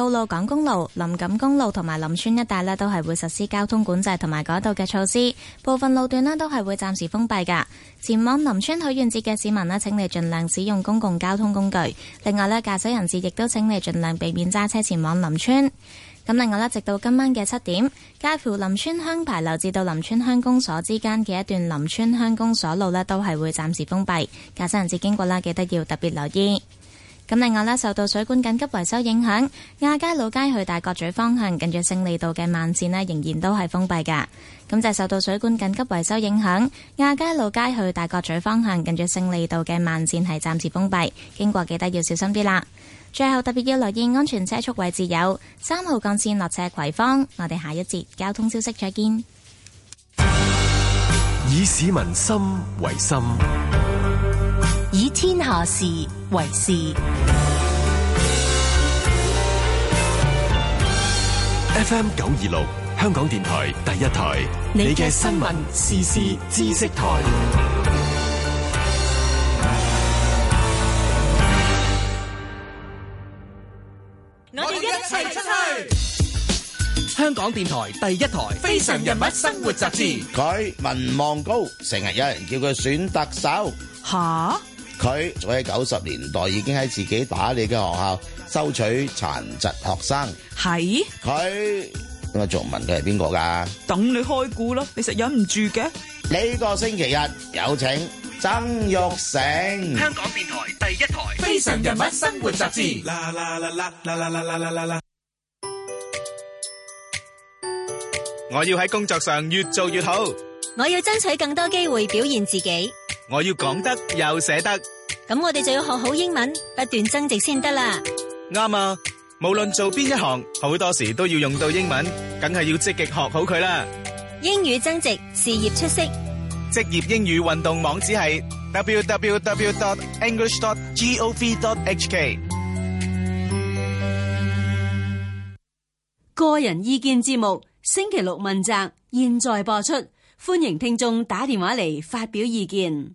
道路、港公路、林錦公路同埋林村一帶咧，都係會實施交通管制同埋改道嘅措施，部分路段咧都係會暫時封閉噶。前往林村許願節嘅市民咧，請你盡量使用公共交通工具。另外咧，駕駛人士亦都請你盡量避免揸車前往林村。咁另外咧，直到今晚嘅七點，介乎林村鄉牌樓至到林村鄉公所之間嘅一段林村鄉公所路咧，都係會暫時封閉，駕駛人士經過啦，記得要特別留意。咁另外咧，受到水管緊急維修影響，亞皆老街去大角咀方向，近住勝利道嘅慢綫咧，仍然都係封閉嘅。咁就受到水管緊急維修影響，亞皆老街去大角咀方向，近住勝利道嘅慢綫係暫時封閉，經過記得要小心啲啦。最後特別要留意安全車速位置有三號幹線落斜葵芳。我哋下一節交通消息再見。以市民心為心。下事為事，FM 九二六香港電台第一台，你嘅新聞時事知識台，我哋一齊出去。香港電台第一台《非常人物生活雜誌》，佢民望高，成日有人叫佢選特首，吓。佢在喺九十年代已經喺自己打理嘅學校收取殘疾學生。係佢個仲問佢係邊個㗎？等你開估咯，你實忍唔住嘅。呢個星期日有請曾鈺成，香港電台第一台《非常人物生活雜誌》。啦啦啦啦啦啦啦啦啦啦！我要喺工作上越做越好。我要爭取更多機會表現自己。我要講得又寫得，咁我哋就要學好英文，不斷增值先得啦。啱啊！無論做邊一行，好多時都要用到英文，梗係要積極學好佢啦。英語增值，事業出色。職業英語運動網址係 w w w dot english dot g o v dot h k。個人意見節目，星期六問責，現在播出，歡迎聽眾打電話嚟發表意見。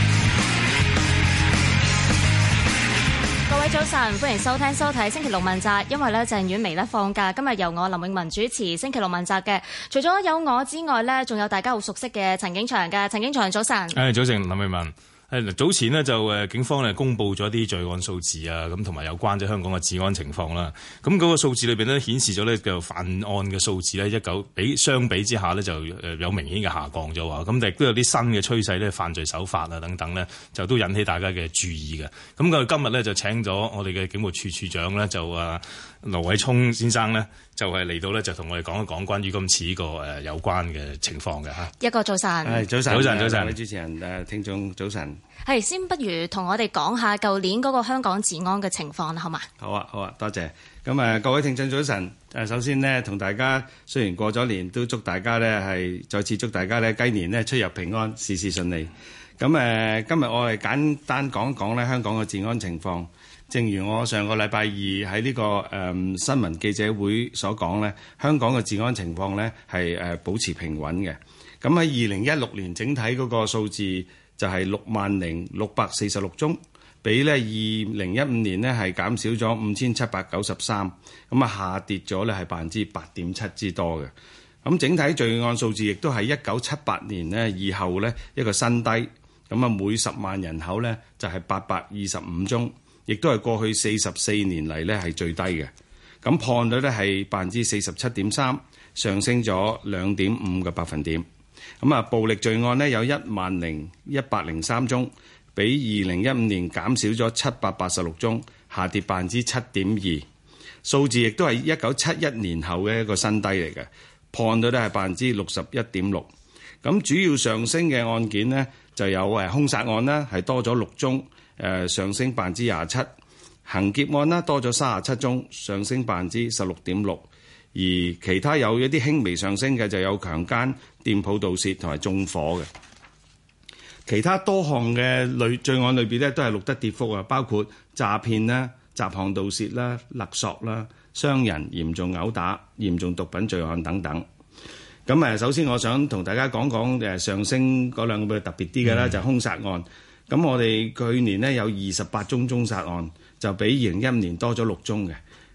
早晨，歡迎收聽收睇星期六問責。因為咧鄭遠薇咧放假，今日由我林詠雯主持星期六問責嘅。除咗有我之外咧，仲有大家好熟悉嘅陳景祥嘅。陳景祥早晨。誒，早晨林詠雯。誒，早前呢，就誒警方咧公布咗啲罪案數字啊，咁同埋有關咗香港嘅治安情況啦。咁、那、嗰個數字裏邊咧顯示咗呢，就犯案嘅數字呢，一九比相比之下呢，就誒有明顯嘅下降咗話，咁亦都有啲新嘅趨勢咧，犯罪手法啊等等呢，就都引起大家嘅注意嘅。咁佢今日呢，就請咗我哋嘅警務處處長呢，就誒。盧偉聰先生呢，就係、是、嚟到呢，就同、是、我哋講一講關於今次呢個誒有關嘅情況嘅吓。一個早晨，係早晨，早晨，早晨，各位主持人誒，聽眾早晨。係，先不如同我哋講下舊年嗰個香港治安嘅情況啦，好嘛？好啊，好啊，多謝。咁誒、呃，各位聽眾早晨。誒、呃，首先呢，同大家雖然過咗年，都祝大家呢，係再次祝大家呢，雞年呢，出入平安，事事順利。咁誒、呃，今日我係簡單講一講呢香港嘅治安情況。正如我上個禮拜二喺呢、呢個誒、嗯、新聞記者會所講咧，香港嘅治安情況咧係誒保持平穩嘅。咁喺二零一六年整體嗰個數字就係六萬零六百四十六宗，比咧二零一五年呢係減少咗五千七百九十三，咁啊下跌咗咧係百分之八點七之多嘅。咁整體罪案數字亦都係一九七八年呢以後咧一個新低，咁啊每十萬人口咧就係八百二十五宗。亦都係過去四十四年嚟咧係最低嘅，咁破案率咧係百分之四十七點三，上升咗兩點五個百分點。咁啊，暴力罪案呢有一萬零一百零三宗，比二零一五年減少咗七百八十六宗，下跌百分之七點二。數字亦都係一九七一年後嘅一個新低嚟嘅，破案率咧係百分之六十一點六。咁主要上升嘅案件呢，就有誒兇殺案呢係多咗六宗。誒上升百分之廿七，行劫案咧多咗三十七宗，上升百分之十六點六，而其他有一啲輕微上升嘅就有強奸、店鋪盜竊同埋縱火嘅，其他多項嘅罪罪案類別咧都係錄得跌幅啊，包括詐騙啦、雜項盜竊啦、勒索啦、傷人、嚴重毆打、嚴重毒品罪案等等。咁啊，首先我想同大家講講誒上升嗰兩個特別啲嘅啦，嗯、就係兇殺案。咁我哋去年呢，有二十八宗凶殺案，就比二零一五年多咗六宗嘅。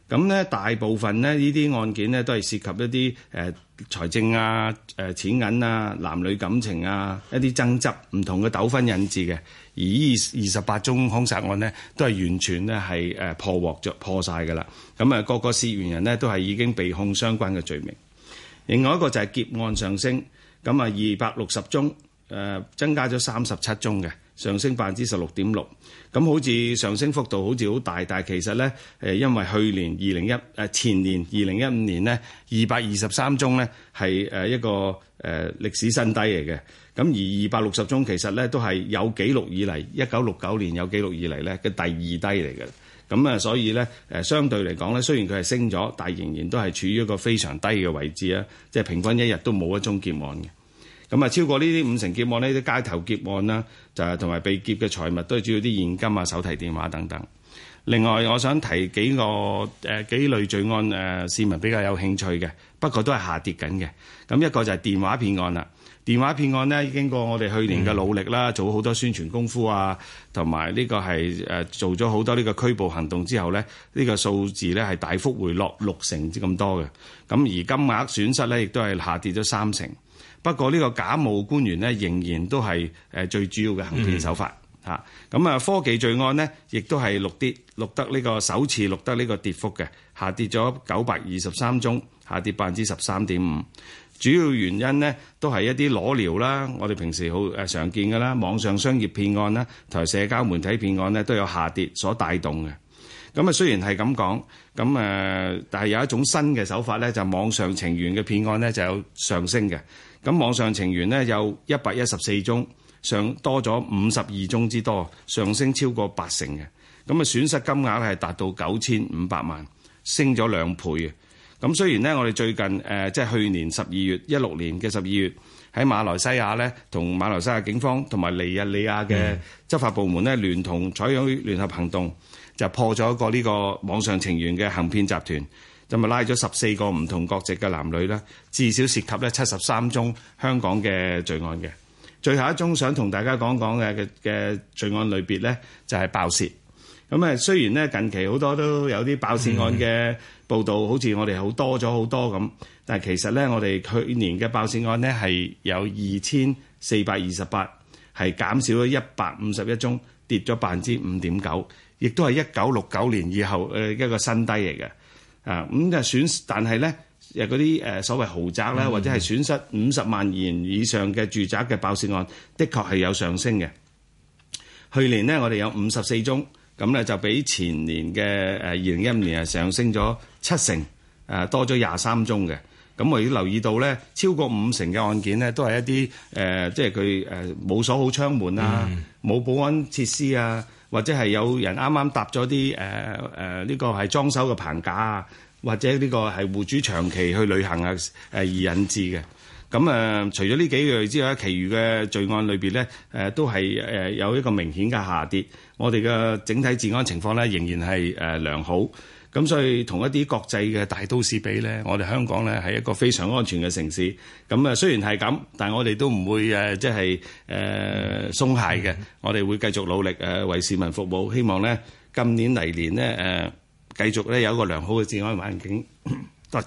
咁呢大部分呢，呢啲案件呢，都係涉及一啲誒、呃、財政啊、誒、呃、錢銀啊、男女感情啊一啲爭執唔同嘅糾紛引致嘅。而二十八宗凶殺案呢，都係完全呢，係誒破獲咗破晒㗎啦。咁啊，個個涉嫌人呢，都係已經被控相關嘅罪名。另外一個就係劫案上升，咁啊二百六十宗誒、呃、增加咗三十七宗嘅。上升百分之十六點六，咁好似上升幅度好似好大，但係其實呢，誒，因為去年二零一誒前年二零一五年呢，二百二十三宗呢係誒一個誒歷史新低嚟嘅，咁而二百六十宗其實呢都係有記錄以嚟一九六九年有記錄以嚟呢嘅第二低嚟嘅，咁啊所以呢，誒相對嚟講呢，雖然佢係升咗，但係仍然都係處於一個非常低嘅位置啊，即係平均一日都冇一宗劫案嘅。咁啊，超過呢啲五成劫案呢，啲街頭劫案啦，就係同埋被劫嘅財物都係主要啲現金啊、手提電話等等。另外，我想提幾個誒、呃、幾類罪案誒、呃，市民比較有興趣嘅，不過都係下跌緊嘅。咁一個就係電話騙案啦。電話騙案呢，經過我哋去年嘅努力啦，嗯、做好多宣傳功夫啊，同埋呢個係誒、呃、做咗好多呢個拘捕行動之後呢，呢、呢個數字呢係大幅回落六成之咁多嘅。咁而金額損失呢，亦都係下跌咗三成。不過呢個假冒官員咧，仍然都係誒最主要嘅行騙手法嚇。咁、嗯、啊，科技罪案咧，亦都係錄跌錄得呢個首次錄得呢個跌幅嘅，下跌咗九百二十三宗，下跌百分之十三點五。主要原因咧，都係一啲裸聊啦，我哋平時好誒常見㗎啦，網上商業騙案啦，同埋社交媒體騙案呢都有下跌所帶動嘅。咁啊，雖然係咁講，咁誒，但係有一種新嘅手法呢，就是、網上情緣嘅騙案呢就有上升嘅。咁網上情緣呢，有一百一十四宗，上多咗五十二宗之多，上升超過八成嘅。咁啊，損失金額係達到九千五百萬，升咗兩倍嘅。咁雖然呢，我哋最近誒、呃、即係去年十二月一六年嘅十二月，喺馬來西亞呢，同馬來西亞警方同埋尼日利亞嘅執法部門呢，聯同採取聯合行動，就破咗一個呢個網上情緣嘅行騙集團。就咪拉咗十四個唔同國籍嘅男女啦，至少涉及咧七十三宗香港嘅罪案嘅。最後一宗想同大家講講嘅嘅罪案類別咧，就係爆竊。咁啊，雖然咧近期好多都有啲爆竊案嘅報導，好似我哋好多咗好多咁，但係其實咧，我哋去年嘅爆竊案咧係有二千四百二十八，係減少咗一百五十一宗，跌咗百分之五點九，亦都係一九六九年以後誒一個新低嚟嘅。啊，咁就損，但係咧，誒嗰啲誒所謂豪宅啦，嗯、或者係損失五十萬元以上嘅住宅嘅爆竊案，的確係有上升嘅。去年咧，我哋有五十四宗，咁咧就比前年嘅誒二零一五年係上升咗七成，啊、呃、多咗廿三宗嘅。咁我亦留意到咧，超過五成嘅案件咧，都係一啲誒、呃，即係佢誒冇鎖好窗門啊，冇、嗯、保安設施啊。或者係有人啱啱搭咗啲誒誒呢個係裝修嘅棚架啊，或者呢個係戶主長期去旅行啊誒而引致嘅。咁誒、呃、除咗呢幾類之外，其餘嘅罪案裏邊咧誒都係誒、呃、有一個明顯嘅下跌。我哋嘅整體治安情況咧仍然係誒、呃、良好。咁所以同一啲國際嘅大都市比咧，我哋香港咧係一個非常安全嘅城市。咁啊，雖然係咁，但係我哋都唔會誒，即係誒鬆懈嘅。我哋會繼續努力誒，為市民服務。希望咧，今年嚟年咧誒，繼續咧有一個良好嘅治安環境。多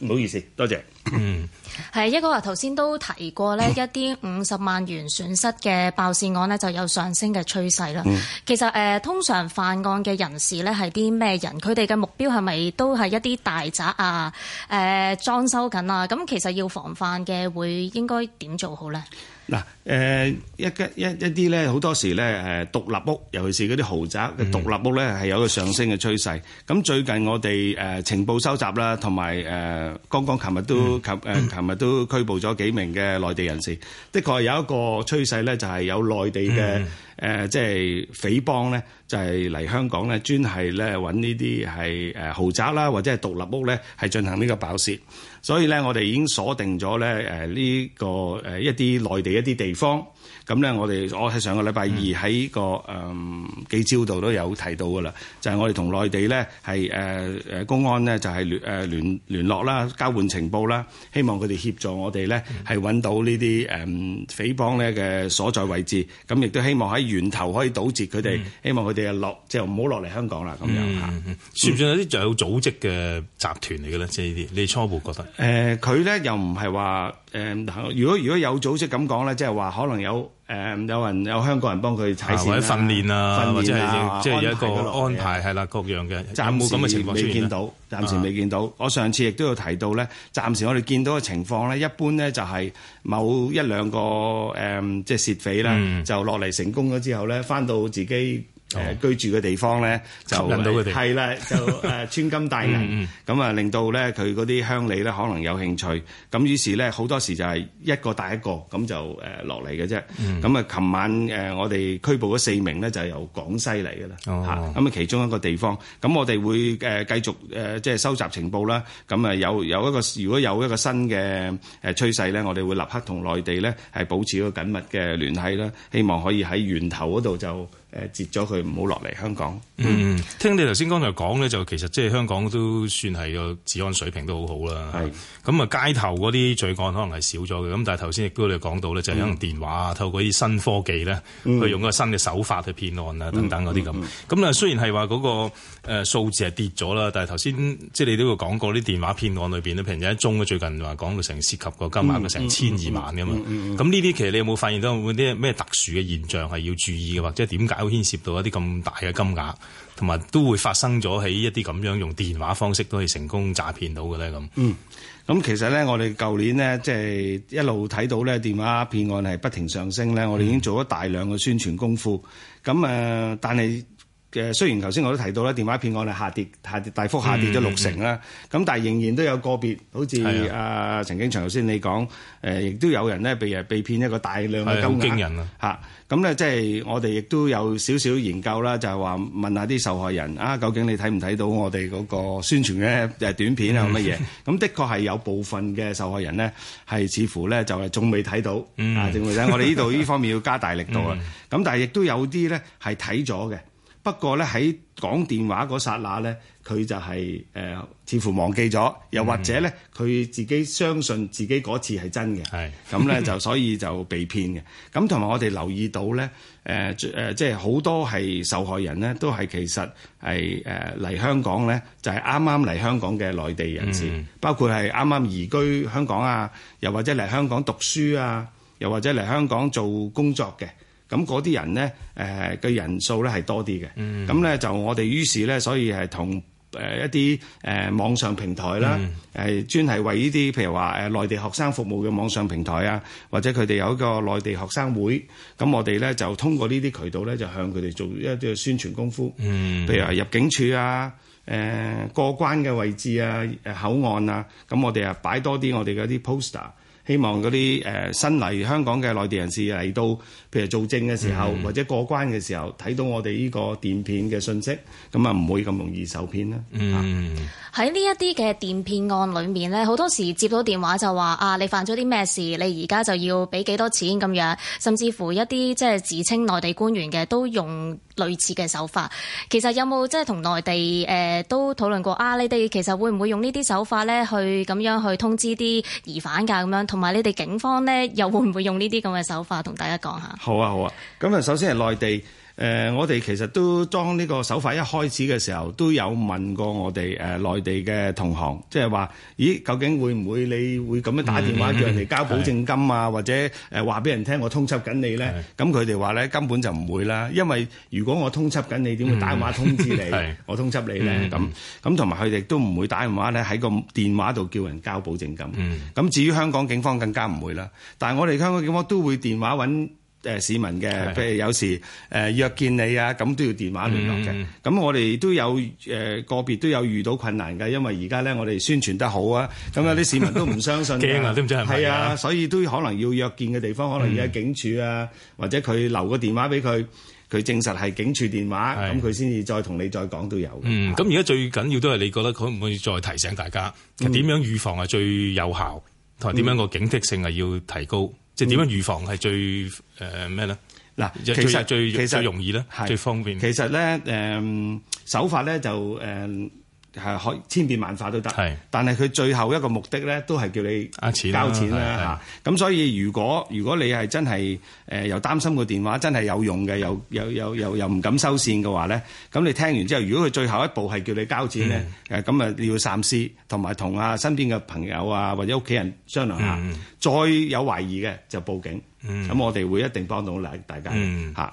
唔好意思，多謝。嗯， 係一個話頭先都提過咧， 一啲五十萬元損失嘅爆竊案呢就有上升嘅趨勢啦。 其實誒、呃，通常犯案嘅人士呢係啲咩人？佢哋嘅目標係咪都係一啲大宅啊？誒、呃，裝修緊啊？咁其實要防範嘅會應該點做好呢？嗱，誒一一一啲咧，好多時咧誒獨立屋，尤其是嗰啲豪宅嘅獨立屋咧，係有個上升嘅趨勢。咁、嗯、最近我哋誒情報收集啦，同埋誒剛剛琴日都琴誒琴日都拘捕咗幾名嘅內地人士，嗯、的確係有一個趨勢咧，就係有內地嘅誒即係匪幫咧，就係、是、嚟香港咧，專係咧揾呢啲係誒豪宅啦，或者係獨立屋咧，係進行呢個爆竊。所以咧，我哋已經鎖定咗咧，誒呢個誒一啲內地一啲地方。咁咧，我哋我喺上個禮拜二喺個誒記招度都有提到噶啦，就係我哋同內地咧係誒誒公安咧就係聯誒聯聯絡啦、交換情報啦，希望佢哋協助我哋咧係揾到呢啲誒匪幫咧嘅所在位置。咁亦都希望喺源頭可以堵截佢哋，希望佢哋啊落即係唔好落嚟香港啦。咁樣嚇算唔算有啲仲有組織嘅集團嚟嘅咧？即係呢啲，你初步覺得？誒佢咧又唔係話誒，如果如果有組織咁講咧，即係話可能有。誒、嗯、有人有香港人幫佢踩線啊，或者訓練啊，練啊或者、就係啊、即係一個安排係、啊、啦，啊、各樣嘅暫時咁嘅情況未見到，暫時未見到。啊、我上次亦都有提到咧，暫時我哋見到嘅情況咧，一般咧就係某一兩個誒、嗯、即係涉匪啦，就落嚟成功咗之後咧，返到自己，誒居住嘅地方咧，就係啦，就誒穿金戴銀咁啊，令到咧佢嗰啲鄉里咧可能有興趣咁，於是咧好多時就係一個帶一個咁就誒落嚟嘅啫。咁啊，琴晚誒我哋拘捕咗四名咧就係由廣西嚟嘅啦嚇，咁啊其中一個地方咁，我哋會誒繼續誒即係收集情報啦。咁啊有有一個如果有一個新嘅誒趨勢咧，我哋會立刻同內地咧係保持一個緊密嘅聯繫啦。希望可以喺源頭嗰度就。誒截咗佢唔好落嚟香港。嗯，聽你頭先剛才講咧，就其實即係香港都算係個治安水平都好好啦。係是。咁啊，街頭嗰啲罪案可能係少咗嘅。咁但係頭先亦都你講到咧，嗯、就可能電話透過啲新科技咧，嗯、去用個新嘅手法去騙案啊等等嗰啲咁。咁啊、嗯，嗯嗯、雖然係話嗰個誒數字係跌咗啦，但係頭先即係你都會講過啲電話騙案裏邊咧，譬如有一宗最近話講到成涉及個金額嘅成千二萬嘅嘛。咁呢啲其實你有冇發現到有冇啲咩特殊嘅現象係要注意嘅，或者點解？都牽涉到一啲咁大嘅金額，同埋都會發生咗喺一啲咁樣用電話方式都可以成功詐騙到嘅咧咁。嗯，咁其實咧，我哋舊年咧，即係一路睇到咧電話騙案係不停上升咧，嗯，我哋已經做咗大量嘅宣傳功夫。咁誒，呃，但係。嘅雖然頭先我都提到咧，電話騙案係下跌、下跌、大幅下跌咗六成啦。咁但係仍然都有個別，好似阿陳景祥頭先你講，誒亦都有人咧被被騙一個大量嘅金額嚇。咁咧即係我哋亦都有少少研究啦，就係話問下啲受害人啊，究竟你睇唔睇到我哋嗰個宣傳嘅誒短片啊乜嘢？咁的確係有部分嘅受害人咧係似乎咧就係仲未睇到啊，我哋呢度呢方面要加大力度啊。咁但係亦都有啲咧係睇咗嘅。不過咧，喺講電話嗰剎那咧，佢就係、是、誒、呃、似乎忘記咗，又或者咧，佢自己相信自己嗰次係真嘅，咁咧、嗯、哼就所以就被騙嘅。咁同埋我哋留意到咧，誒、呃、誒、呃、即係好多係受害人咧，都係其實係誒嚟香港咧，就係啱啱嚟香港嘅內地人士，嗯、包括係啱啱移居香港啊，又或者嚟香港讀書啊，又或者嚟香港做工作嘅。咁嗰啲人咧，誒嘅人數咧係多啲嘅，咁咧就我哋於是咧，所以係同誒一啲誒網上平台啦，誒專係為呢啲譬如話誒內地學生服務嘅網上平台啊，或者佢哋有一個內地學生會，咁我哋咧就通過呢啲渠道咧，就向佢哋做一啲嘅宣傳功夫，譬如話入境處啊、誒過關嘅位置啊、誒口岸啊，咁我哋啊擺多啲我哋嘅一啲 poster。希望嗰啲誒新嚟香港嘅內地人士嚟到，譬如做證嘅時候，嗯、或者過關嘅時候，睇到我哋呢個電騙嘅訊息，咁啊唔會咁容易受騙啦。嗯、啊，喺呢一啲嘅電騙案裏面呢，好多時接到電話就話啊，你犯咗啲咩事，你而家就要俾幾多錢咁樣，甚至乎一啲即係自稱內地官員嘅都用。類似嘅手法，其實有冇即係同內地誒、呃、都討論過啊？你哋其實會唔會用呢啲手法咧，去咁樣去通知啲疑犯㗎？咁樣同埋你哋警方咧，又會唔會用呢啲咁嘅手法同大家講下好、啊？好啊好啊，咁啊首先係內地。誒、呃，我哋其實都當呢個手法，一開始嘅時候都有問過我哋誒、呃、內地嘅同行，即係話：咦，究竟會唔會你會咁樣打電話叫人哋交保證金啊？嗯、或者誒話俾人聽我通緝緊你咧？咁佢哋話咧根本就唔會啦，因為如果我通緝緊你，點會打電話通知你？嗯、我通緝你咧？咁咁同埋佢哋都唔會打電話咧，喺個電話度叫人交保證金。咁、嗯嗯、至於香港警方更加唔會啦，但係我哋香，香港警方都會電話揾。誒、呃、市民嘅，譬如有時誒、呃、約見你啊，咁都要電話聯絡嘅。咁、嗯、我哋都有誒、呃、個別都有遇到困難嘅，因為而家咧我哋宣傳得好啊，咁有啲市民都唔相信，驚啊、嗯，都 唔知係咪啊，所以都可能要約見嘅地方，可能要喺警署啊，嗯、或者佢留個電話俾佢，佢證實係警署電話，咁佢先至再同你再講都有。嗯，咁而家最緊要都係你覺得可唔可以再提醒大家點樣預防係最有效，同埋點樣個警惕性係要提高。即點樣預防係最誒咩咧？嗱、呃，其實最其實最容易咧，係最方便呢。其實咧，誒、呃、手法咧就誒。呃係可千變萬化都得，是但係佢最後一個目的咧，都係叫你交錢啦嚇。咁所以如果如果你係真係誒又擔心個電話真係有用嘅，又又又又又唔敢收線嘅話咧，咁你聽完之後，如果佢最後一步係叫你交錢咧，誒咁、嗯、啊你要三思，同埋同啊身邊嘅朋友啊或者屋企人商量下，嗯、再有懷疑嘅就報警。咁、嗯、我哋會一定幫到大大家嚇。嗯啊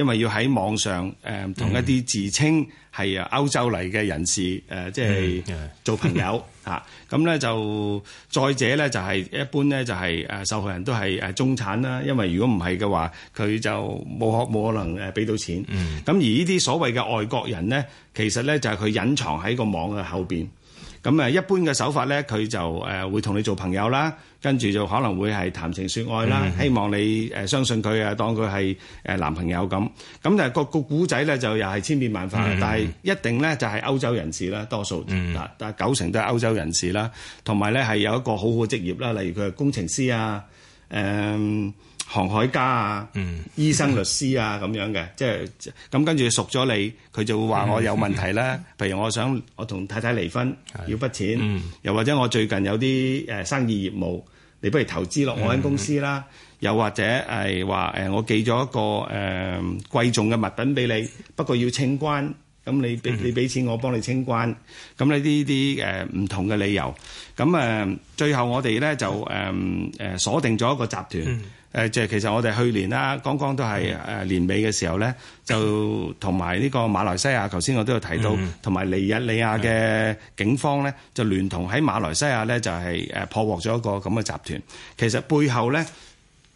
因為要喺網上誒同、呃、一啲自稱係歐洲嚟嘅人士誒、呃，即係做朋友嚇。咁咧就再者咧就係、是、一般咧就係、是、誒、呃、受害人，都係誒中產啦。因為如果唔係嘅話，佢就冇可冇可能誒俾到錢。咁、嗯、而呢啲所謂嘅外國人咧，其實咧就係佢隱藏喺個網嘅後邊。咁誒一般嘅手法咧，佢就誒、呃、會同你做朋友啦，跟住就可能會係談情説愛啦，嗯嗯嗯希望你誒相信佢啊，當佢係誒男朋友咁。咁但係個個故仔咧就又係千變萬化，嗯嗯嗯但係一定咧就係、是、歐洲人士啦，多數嗱，但係、嗯嗯嗯、九成都係歐洲人士啦，同埋咧係有一個好好嘅職業啦，例如佢係工程師啊，誒、嗯。航海家啊，醫生、律師啊，咁樣嘅，即係咁跟住熟咗你，佢就會話我有問題啦。 譬如我想我同太太離婚，要筆錢， 又或者我最近有啲誒生意業務，你不如投資落我間公司啦。 又或者係話誒，我寄咗一個誒、呃、貴重嘅物品俾你，不過要清關，咁你俾你俾錢我幫你清關。咁你呢啲誒唔同嘅理由，咁誒最後我哋咧就誒誒、呃、鎖定咗一個集團。 誒即係其實我哋去年啦，剛剛都係誒年尾嘅時候咧，就同埋呢個馬來西亞，頭先我都有提到，同埋尼日利亞嘅警方咧，就聯同喺馬來西亞咧，就係誒破獲咗一個咁嘅集團。其實背後咧，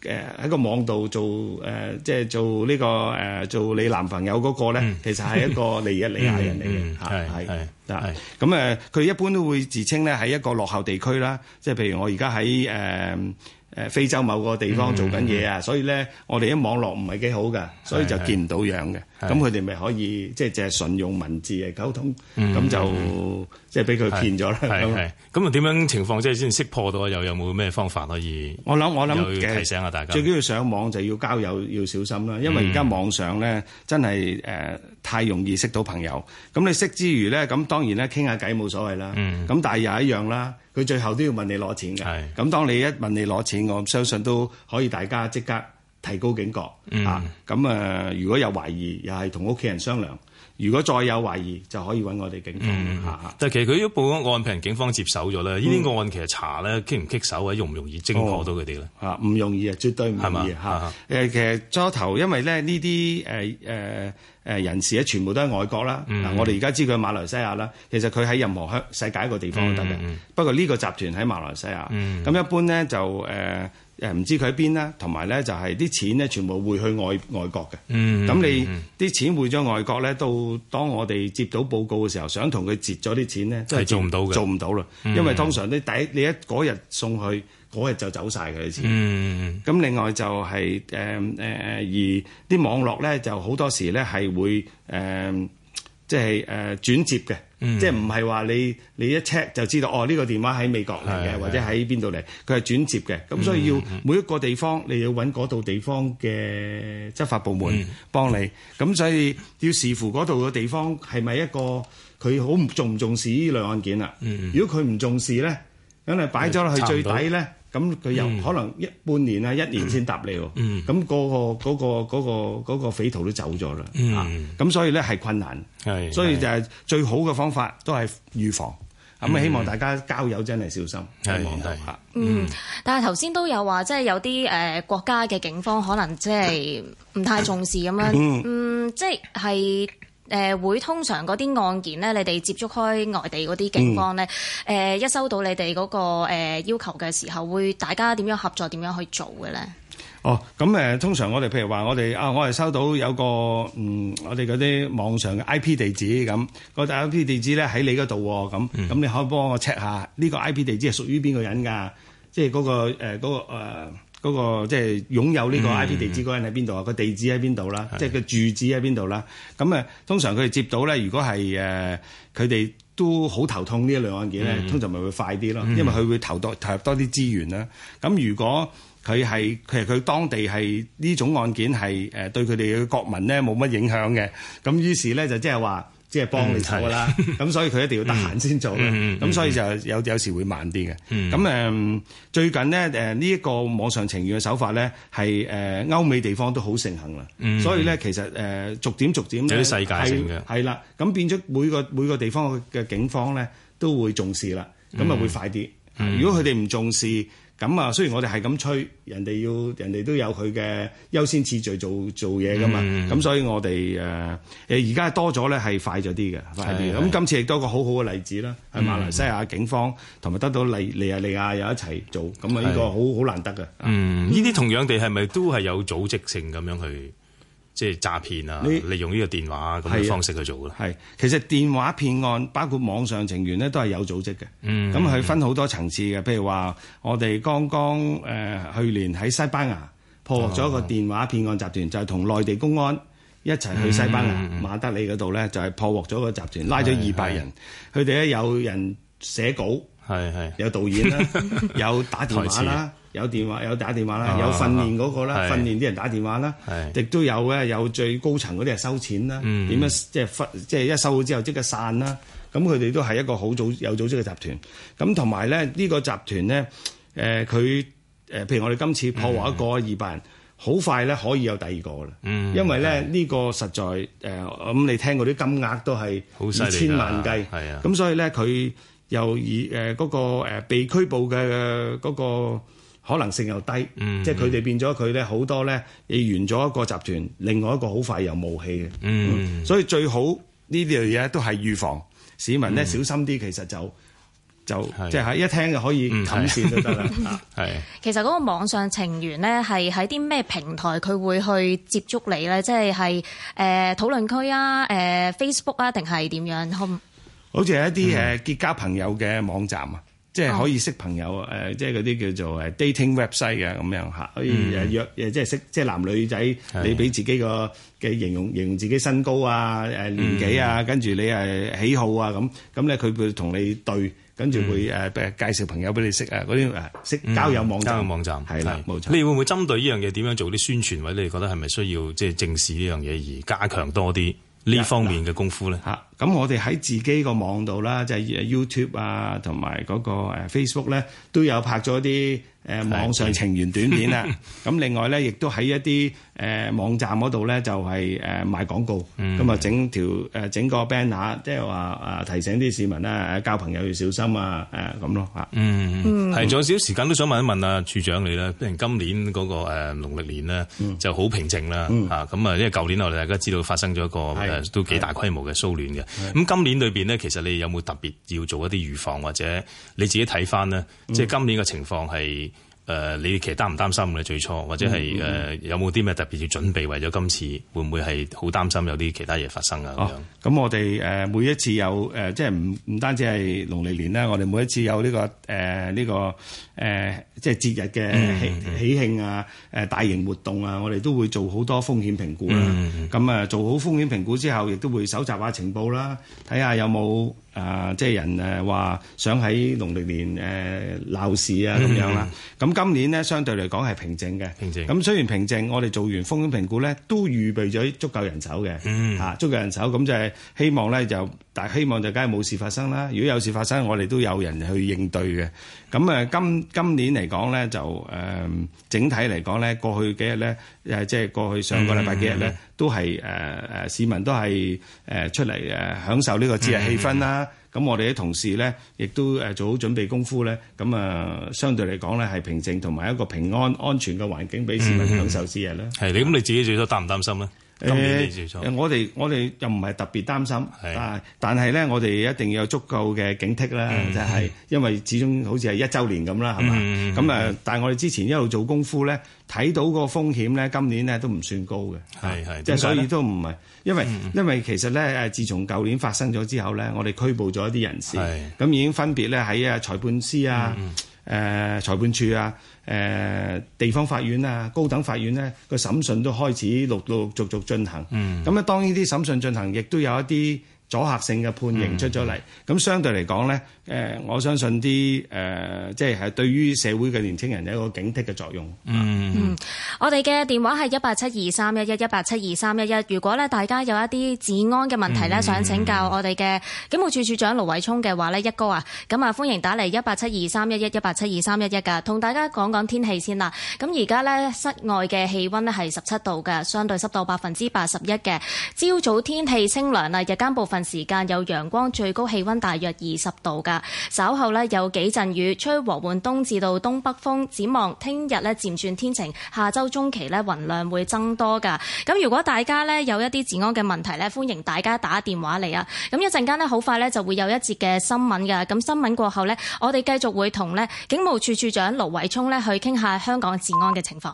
誒喺個網度做誒，即係做呢個誒做你男朋友嗰個咧，其實係一個尼日利亞人嚟嘅係係係，咁誒佢一般都會自稱咧喺一個落後地區啦，即係譬如我而家喺誒。誒非洲某個地方做緊嘢啊，所以咧我哋啲網絡唔係幾好㗎，所以就見唔到樣嘅。咁佢哋咪可以即係淨係純用文字嚟溝通，咁就即係俾佢騙咗啦。係係，咁啊點樣情況即係先識破到？又有冇咩方法可以？我諗我諗嘅，提醒啊大家，最緊要上網就要交友要小心啦。因為而家網上咧真係誒太容易識到朋友。咁你識之餘咧，咁當然咧傾下偈冇所謂啦。咁但係又一樣啦。佢最後都要問你攞錢嘅，咁是當你一問你攞錢，我相信都可以大家即刻提高警覺嚇。咁誒、嗯啊，如果有懷疑，又係同屋企人商量。如果再有懷疑，就可以揾我哋警方嚇。嗯啊、但其實佢都報案俾人警方接手咗咧。呢啲、嗯、案其實查咧棘唔棘手，或者容唔容易偵破到佢哋咧嚇？唔容易、哦、啊唔容易，絕對唔易嚇。誒，其實初頭因為咧呢啲誒誒。呃呃呃誒人士咧，全部都喺外國啦。嗱、mm，hmm. 我哋而家知佢馬來西亞啦。其實佢喺任何香世界一個地方都得嘅。Mm hmm. 不過呢個集團喺馬來西亞咁、mm hmm. 一般咧，就誒誒唔知佢喺邊啦。同埋咧，就係、是、啲錢咧，全部匯去外外國嘅。咁、mm hmm. 你啲錢匯咗外國咧，到當我哋接到報告嘅時候，想同佢截咗啲錢咧，都係、mm hmm. 做唔到嘅，做唔到啦。因為通常你第一你一嗰日送去。嗰日就走曬嘅，你知。咁另外就係誒誒誒，而啲網絡咧就好多時咧係會誒，即係誒轉接嘅，即係唔係話你你一 check 就知道哦，呢個電話喺美國嚟嘅，或者喺邊度嚟？佢係轉接嘅，咁所以要每一個地方你要揾嗰度地方嘅執法部門幫你。咁所以要視乎嗰度嘅地方係咪一個佢好重唔重視呢類案件啊？如果佢唔重視咧，咁你擺咗落去最底咧。咁佢又可能一半年啊，一年先答你，咁、嗯嗰個、嗰個嗰、嗰個個、嗰個匪徒都走咗啦，啊、嗯！咁所以咧係困難，是所以就係最好嘅方法都係預防，咁是、嗯、希望大家交友真係小心，望低嚇。是嗯，但係頭先都有話，即係有啲誒國家嘅警方可能即係唔太重視咁樣、 嗯，嗯，即、就、係、是。誒會通常嗰啲案件咧，你哋接觸開外地嗰啲警方咧，誒、嗯、一收到你哋嗰個要求嘅時候，會大家點樣合作，點樣去做嘅咧？哦，咁誒、呃、通常我哋譬如話，我哋啊，我係收到有個嗯，我哋嗰啲網上嘅 IP 地址，咁、嗰個 IP 地址咧喺你嗰度喎，咁咁你可以幫我 check 下呢個 IP 地址係屬於邊個人噶？即係嗰、嗰個誒嗰、呃嗰個呃嗰、那個即係、就是、擁有呢個 IP 地址嗰個人喺邊度啊？個、嗯、地址喺邊度啦？是的 即係個住址喺邊度啦？咁誒，通常佢哋接到咧，如果係誒佢哋都好頭痛呢一類案件咧，嗯、通常咪會快啲咯，嗯、因為佢會投多投入多啲資源啦。咁如果佢係其實佢當地係呢種案件係誒對佢哋嘅國民咧冇乜影響嘅，咁於是咧就即係話，即係幫你手啦，咁 所以佢一定要得閒先做啦。咁 所以就有有時會慢啲嘅。咁誒 最近呢，誒呢一個網上請願嘅手法咧係誒歐美地方都好盛行啦。 所以咧其實誒、呃、逐點逐點 是有啲世界咁樣係啦。咁變咗每個每個地方嘅警方咧都會重視啦。咁啊 會快啲。 如果佢哋唔重視。咁啊，雖然我哋係咁催，人哋要人哋都有佢嘅優先次序做做嘢噶嘛，咁、嗯、所以我哋誒誒而家多咗咧係快咗啲嘅，快啲咁是、嗯、今次亦都一個好好嘅例子啦，喺馬來西亞警方同埋、嗯、得到利利亞利亞又一齊做，咁啊，呢個好好難得嘅。嗯，呢啲同樣地係咪都係有組織性咁樣去？即係詐騙啊！利用呢個電話咁樣方式去做咯。係，其實電話騙案包括網上情緣咧，都係有組織嘅。嗯，咁佢分好多層次嘅。譬如話，我哋剛剛誒去年喺西班牙破獲咗一個電話騙案集團，就係同內地公安一齊去西班牙馬德里嗰度咧，就係破獲咗個集團，拉咗二百人。佢哋咧有人寫稿，係係有導演啦，有打電話啦。有電話有打電話啦，有訓練嗰個啦，訓練啲人打電話啦，亦都有嘅，有最高層嗰啲人收錢啦，點樣即係即係一收好之後即刻散啦。咁佢哋都係一個好組有組織嘅集團。咁同埋咧呢個集團咧，誒佢誒譬如我哋今次破獲一個二百人，好快咧可以有第二個啦。因為咧呢個實在誒咁你聽嗰啲金額都係二千萬計，咁所以咧佢又以誒嗰個被拘捕嘅嗰個可能性又低，嗯、即係佢哋變咗佢咧好多咧，你完咗一個集團，另外一個好快又冒氣嘅，嗯，所以最好呢啲嘢都係預防市民咧、嗯、小心啲，其實就就即係的一聽就可以冚線就得啦嚇。係、嗯、 的其實個網上情緣咧係喺啲咩平台佢會去接觸你咧？即係係誒討論區啊、誒、呃、Facebook 啊，定係點樣好唔？好似係一啲誒結交朋友嘅網站啊。嗯即係可以識朋友誒，即係嗰啲叫做誒 dating website 嘅咁樣嚇，可以誒約，嗯、即係識，即係男女仔，你俾自己個嘅形容形容自己身高啊，誒年紀啊，跟住，嗯、你係喜好啊咁，咁咧佢會同你對，跟住會誒介紹朋友俾你識啊，嗰啲誒識交友網站。嗯、交友網站係啦，冇錯。你會唔會針對呢樣嘢點樣做啲宣傳，或者你哋覺得係咪需要即係正視呢樣嘢而加強多啲？呢方面嘅功夫咧吓，咁我哋喺自己個網度啦，就係 YouTube 啊，同埋嗰個誒 Facebook 咧，都有拍咗啲。誒網上情緣短片啊，咁 另外咧，亦都喺一啲誒網站嗰度咧，就係誒賣廣告，咁啊、嗯、整條誒整個 banner，即係話誒提醒啲市民啊，交朋友要小心啊，誒咁咯嚇。嗯，係仲有少少時間都想問一問啊，處長你咧，因為今年嗰個誒農曆年呢，嗯、就好平靜啦嚇，咁啊、嗯、因為舊年我哋大家知道發生咗一個都幾大規模嘅騷亂嘅，咁今年裏邊呢，其實你有冇特別要做一啲預防或者你自己睇翻呢，即係今年嘅情況係、嗯？誒、呃，你其實擔唔擔心嘅最初，或者係誒、嗯呃、有冇啲咩特別要準備，為咗今次會唔會係好擔心有啲其他嘢發生啊？咁樣、哦。咁我哋誒每一次有誒，即係唔唔單止係農曆年啦，我哋每一次有呢、這個誒呢、呃這個誒，即、呃、係、就是、節日嘅喜喜慶啊、誒大型活動啊，我哋都會做好多風險評估啦。咁、嗯嗯嗯、啊，做好風險評估之後，亦都會搜集下情報啦，睇下有冇。呃呃、啊！即係人誒話想喺農曆年誒鬧事啊咁樣啦。咁 今年咧相對嚟講係平靜嘅。平靜。咁雖然平靜，我哋做完風險評估咧，都預備咗足夠人手嘅。嗯。嚇，足夠人手，咁就係希望咧就。但係希望就梗係冇事發生啦。如果有事發生，我哋都有人去應對嘅。咁誒，今今年嚟講咧，就誒整體嚟講咧，過去幾日咧，誒即係過去上個禮拜幾日咧，都係誒誒市民都係誒出嚟誒享受呢個節日氣氛啦。咁我哋啲同事咧，亦都誒做好準備功夫咧。咁啊，相對嚟講咧，係平靜同埋一個平安安全嘅環境俾市民享受節日咧。係你咁你自己最多擔唔擔心咧？誒、呃，我哋我哋又唔係特別擔心，是啊、但係但係咧，我哋一定要有足夠嘅警惕啦，嗯、就係、是、因為始終好似係一週年咁啦，係嘛？咁誒，但係我哋之前一路做功夫咧，睇到個風險咧，今年咧都唔算高嘅，係係，即係、啊、所以都唔係，因為因為其實咧誒，自從舊年發生咗之後咧，我哋拘捕咗一啲人士，咁已經分別咧喺啊裁判司啊，嗯嗯嗯誒、呃、裁判處啊、誒、呃、地方法院啊、高等法院咧，個審訊都開始陸陸續續進行，咁咧、mm hmm. 當呢啲審訊進行，亦都有一啲阻嚇性嘅判刑出咗嚟，咁、mm hmm. 相對嚟講咧。誒，我相信啲誒，即係係對於社會嘅年青人有一個警惕嘅作用。嗯，嗯嗯 我哋嘅電話係一八七二三一一一八七二三一一。如果咧大家有一啲治安嘅問題咧，想請教我哋嘅警務處處長盧偉聰嘅話呢，一哥啊，咁啊歡迎打嚟一八七二三一一一八七二三一一㗎，同大家講講天氣先啦。咁而家咧室外嘅氣温咧係十七度㗎，相對濕度百分之八十一嘅。朝早天氣清涼啦，日間部分時間有陽光，最高氣温大約二十度㗎。稍後咧有幾陣雨，吹和緩東至到東北風，展望聽日咧漸轉天晴，下周中期咧雲量會增多噶。咁如果大家咧有一啲治安嘅問題咧，歡迎大家打電話嚟啊！咁一陣間咧好快咧就會有一節嘅新聞噶。咁新聞過後咧，我哋繼續會同咧警務處處長盧偉聰咧去傾下香港治安嘅情況。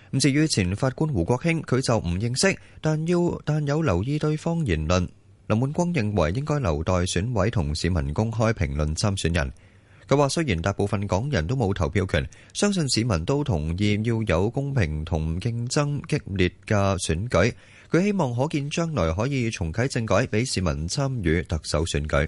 唔至於前法官胡國興，佢就唔認識，但要但有留意對方言論。林滿光認為應該留待選委同市民公開評論參選人。佢話：雖然大部分港人都冇投票權，相信市民都同意要有公平同競爭激烈嘅選舉。佢希望可見將來可以重啟政改，俾市民參與特首選舉。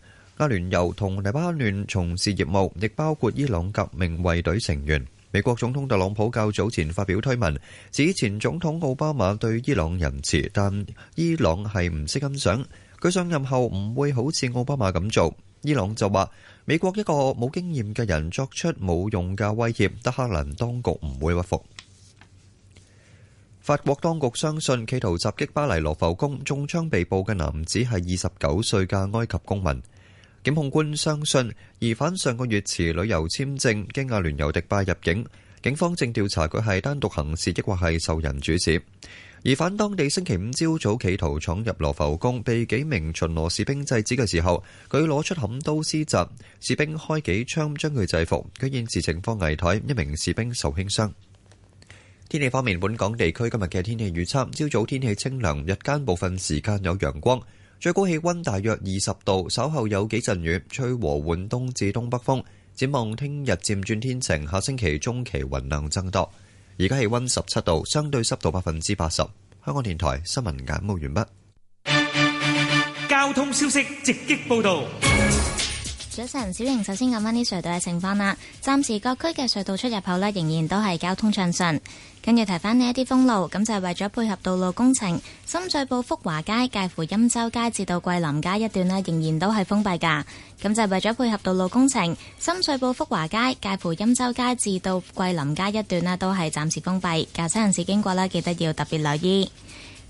阿聯酋同黎巴嫩從事業務，亦包括伊朗革命衛隊成員。美國總統特朗普較早前發表推文指，前總統奧巴馬對伊朗仁慈，但伊朗係唔識欣賞。佢上任後唔會好似奧巴馬咁做。伊朗就話，美國一個冇經驗嘅人作出冇用嘅威脅，德克蘭當局唔會屈服。法國當局相信企圖襲擊巴黎羅浮宮中槍被捕嘅男子係二十九歲嘅埃及公民。檢控官相信疑犯上個月持旅遊簽證經阿聯酋迪拜入境，警方正調查佢係單獨行事，抑或係受人主使。疑犯當地星期五朝早企圖闖入羅浮宮，被幾名巡邏士兵制止嘅時候，佢攞出砍刀施襲，士兵開幾槍將佢制服，佢現時情況危殆，一名士兵受輕傷。天氣方面，本港地區今日嘅天氣預測：朝早天氣清涼，日間部分時間有陽光。最高氣溫大約二十度，稍後有幾陣雨，吹和緩東至東北風。展望聽日漸轉天晴，下星期中期雲量增多。而家氣溫十七度，相對濕度百分之八十。香港電台新聞眼目完畢。交通消息直擊報道。早晨，小瑩首先講翻啲隧道嘅情況啦。暫時各區嘅隧道出入口呢，仍然都係交通暢順。跟住提翻呢一啲封路，咁就係為咗配合道路工程，深水埗福華街介乎欽州街至到桂林街一段呢，仍然都係封閉噶。咁就係為咗配合道路工程，深水埗福華街介乎欽州街至到桂林街一段呢，都係暫時封閉，駕駛人士經過呢，記得要特別留意。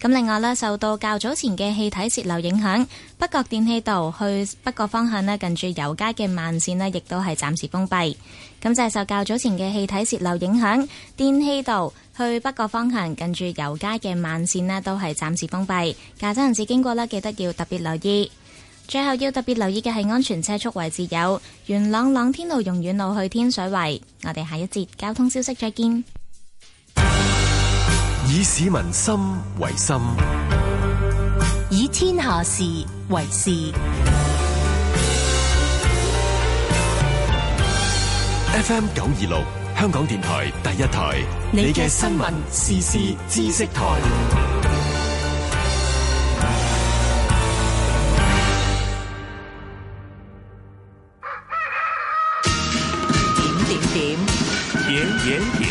咁另外咧，受到較早前嘅氣體洩漏影響，北角電氣道去北角方向呢，近住油街嘅慢線呢，亦都係暫時封閉。咁就係受較早前嘅氣體洩漏影響，電氣道去北角方向近住油街嘅慢線呢，都係暫時封閉。駕車人士經過呢，記得要特別留意。最後要特別留意嘅係安全車速位置，有元朗朗天路、用遠路去天水圍。我哋下一節交通消息再見。以市民心為心，以天下事為事。FM 九二六，香港電台第一台，你嘅新聞、時事、知識台。點點點，點點點。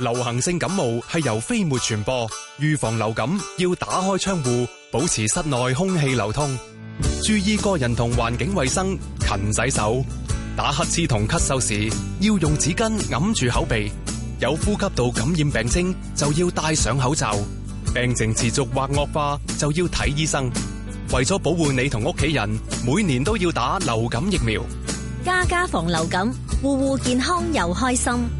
流行性感冒係由飛沫傳播，預防流感要打開窗戶，保持室內空氣流通，注意個人同環境衛生，勤洗手，打乞嗤同咳嗽時要用紙巾掩住口鼻，有呼吸道感染病徵就要戴上口罩，病情持續或惡化就要睇醫生。為咗保護你同屋企人，每年都要打流感疫苗，家家防流感，戶戶健康又開心。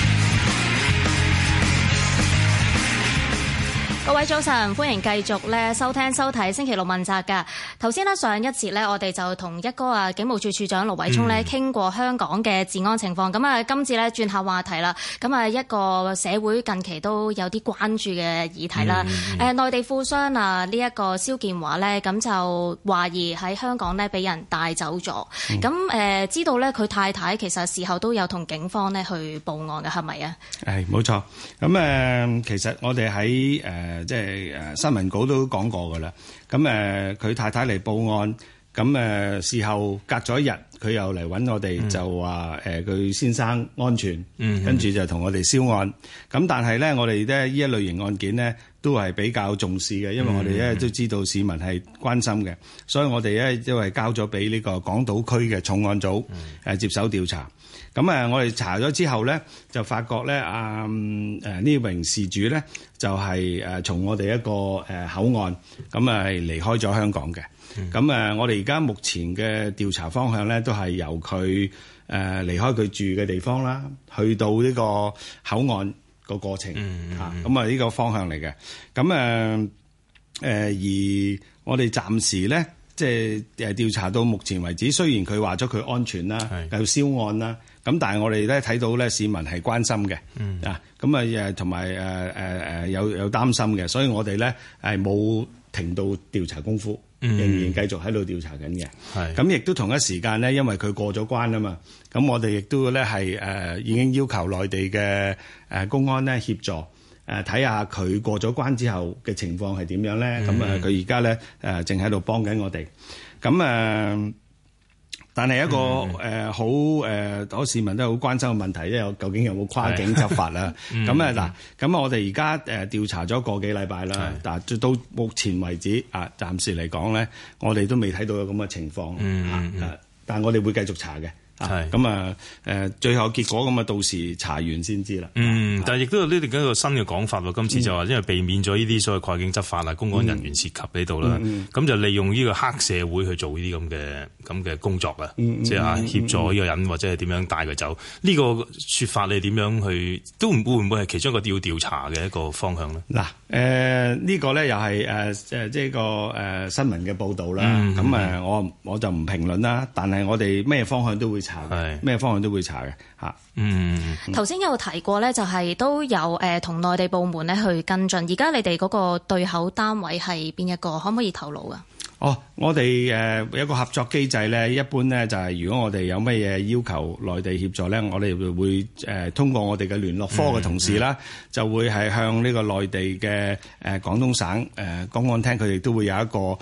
各位早晨，歡迎繼續咧收聽收睇星期六問責嘅。頭先咧上一節咧，我哋就同一哥啊警務處處長盧偉聰咧傾過香港嘅治安情況。咁啊，今次咧轉下話題啦。咁啊，一個社會近期都有啲關注嘅議題啦。誒、嗯，內地富商啊，呢、這、一個肖建華呢，咁就懷疑喺香港咧俾人帶走咗。咁誒、嗯，知道呢，佢太太其實事後都有同警方咧去報案嘅，係咪啊？誒、嗯，冇錯。咁誒，其實我哋喺誒。呃誒，即係誒，新聞稿都講過噶啦。咁誒，佢太太嚟報案，咁誒事後隔咗一日，佢又嚟揾我哋，就話誒佢先生安全，嗯，跟住就同我哋銷案。咁但係咧，我哋咧呢一類型案件咧，都係比較重視嘅，因為我哋咧都知道市民係關心嘅，所以我哋咧因為交咗俾呢個港島區嘅重案組誒接手調查。咁誒，我哋查咗之後咧，就發覺咧，阿誒呢名事主咧就係誒從我哋一個誒、呃、口岸咁誒離開咗香港嘅。咁誒、嗯呃，我哋而家目前嘅調查方向咧，都係由佢誒離開佢住嘅地方啦，去到呢個口岸個過程嚇。咁、嗯嗯嗯、啊，呢個方向嚟嘅。咁誒誒，而我哋暫時咧，即係誒調查到目前為止，雖然佢話咗佢安全啦，又銷是案啦。咁但係我哋咧睇到咧市民係關心嘅，嗯、啊咁啊誒同埋誒誒誒有、呃呃、有，有擔心嘅，所以我哋咧係冇停到調查功夫，仍然繼續喺度調查緊嘅。係。咁亦都同一時間咧，因為佢過咗關啊嘛，咁我哋亦都咧係誒已經要求內地嘅誒公安咧協助誒睇下佢過咗關之後嘅情況係點樣咧？咁啊佢而家咧誒正喺度幫緊我哋，咁、嗯、誒。嗯嗯嗯但係一個誒、嗯呃、好誒，多、呃、市民都好關心嘅問題，即係究竟有冇跨境執法啦？咁啊嗱，咁啊我哋而家誒調查咗個幾禮拜啦，是的 但係到目前為止啊，暫時嚟講咧，我哋都未睇到有咁嘅情況、嗯嗯、啊，但係我哋會繼續查嘅。係咁啊！誒是，最後結果咁啊，到時查完先知啦。嗯，但係亦都有呢啲咁新嘅講法喎。是今次就話因為避免咗呢啲所謂跨境執法啊，公安人員涉及呢度啦，咁、嗯、就利用呢個黑社會去做呢啲咁嘅咁嘅工作啊，嗯、即係啊協助呢個人或者係點樣帶佢走呢、呢個說法，你點樣去都唔會唔會係其中一個要調查嘅一個方向呢？嗱，誒、呃呢個、呢、呃、個咧又係誒即係即係個誒新聞嘅報導啦。咁啊、嗯嗯，我我就唔評論啦。但係我哋咩方向都會查。係咩方向都會查嘅嚇。嗯，頭先、嗯、有提過咧，就係、是、都有誒同內地部門咧去跟進。而家你哋嗰個對口單位係邊一個？可唔可以透露啊？哦，oh, 我哋誒有個合作機制咧，一般咧就係如果我哋有乜嘢要求內地協助咧，我哋會誒通過我哋嘅聯絡科嘅同事啦，mm hmm. 就會係向呢個內地嘅誒廣東省誒公安廳，佢哋都會有一個誒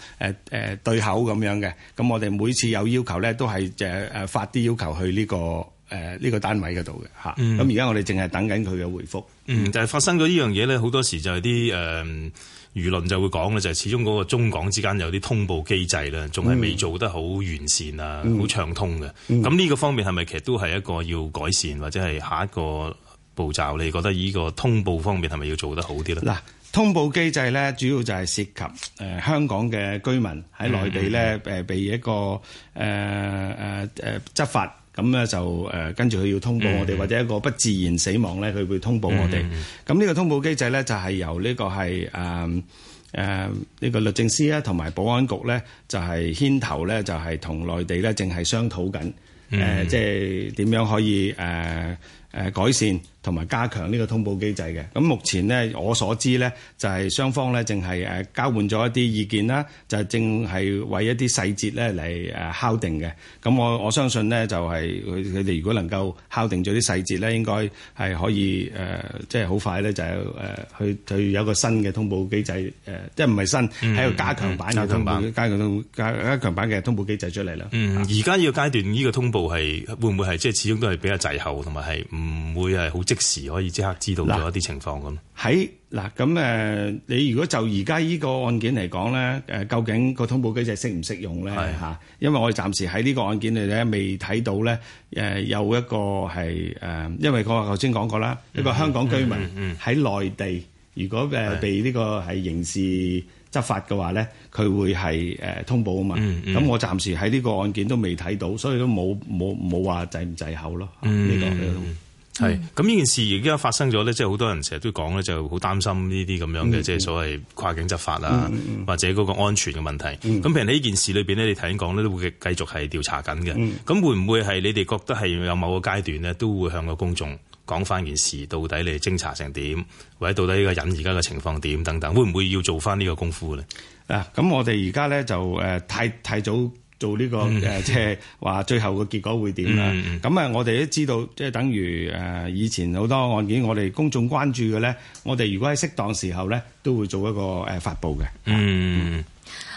誒對口咁樣嘅。咁我哋每次有要求咧，都係誒誒發啲要求去呢、呢個，誒呢個單位嗰度嘅嚇，咁而家我哋淨係等緊佢嘅回覆。嗯，就係、嗯嗯、發生咗呢樣嘢咧，好多時就係啲誒輿論就會講嘅，就係始終嗰個中港之間有啲通報機制咧，仲係未做得好完善啊，好暢、嗯、通嘅。咁呢、嗯、個方面係咪其實都係一個要改善或者係下一個步驟？你覺得呢個通報方面係咪要做得好啲咧？嗱，通報機制咧，主要就係涉及誒、呃、香港嘅居民喺內地咧，誒被一個誒誒誒執法。咁咧就誒、呃、跟住佢要通報我哋，mm hmm. 或者一個不自然死亡咧，佢會通報我哋。咁呢、mm hmm. 個通報機制咧，就係、是、由呢個係誒誒呢個律政司咧，同埋保安局咧，就係、是、牽頭咧、mm hmm. 呃，就係同內地咧，正係商討緊誒，即係點樣可以誒。呃誒改善同埋加強呢個通報機制嘅，咁目前呢，我所知呢就係、是、雙方呢，淨係誒交換咗一啲意見啦，就係淨係為一啲細節咧嚟誒敲定嘅。咁我我相信呢、就是，就係佢哋如果能夠敲定咗啲細節咧，應該係可以誒，即係好快咧就誒去去有個新嘅通報機制誒、呃，即係唔係新係、嗯、個加強版嘅通、嗯、通報機制出嚟啦。而家呢個階段呢、呢個通報係會唔會係即係始終都係比較滯後同埋係？唔會係好即時可以即刻知道咗一啲情況咁喇。係嗱咁誒，你如果就而家依個案件嚟講咧，誒究竟個通報機制適唔適用咧嚇是的、呃呃？因為我哋暫時喺呢個案件裏邊未睇到咧誒有一個係誒，因為我頭先講過啦，一個香港居民喺內地，嗯嗯嗯、如果誒被呢個係刑事執法嘅話咧，佢會係誒通報啊嘛。咁我暫時喺呢個案件都未睇到，所以都冇冇冇話滯唔滯口咯。呢個呢個。係，咁呢件事而家發生咗咧，即係好多人成日都講咧，就好擔心呢啲咁樣嘅，嗯、即係所謂跨境執法啊，嗯、或者嗰個安全嘅問題。咁、嗯、譬如呢件事裏邊咧，你頭先講咧都會繼續係調查緊嘅。咁、嗯、會唔會係你哋覺得係有某個階段咧，都會向個公眾講翻件事到底你哋偵查成點，或者到底呢個人而家嘅情況點等等，會唔會要做翻呢個功夫咧？啊，咁我哋而家咧就誒、呃、太太早。做呢、呢個誒，即係話最後嘅結果會點啊？咁啊、嗯，我哋都知道，即係等於誒以前好多案件，我哋公眾關注嘅咧，我哋如果喺適當時候咧，都會做一個誒發佈嘅。嗯。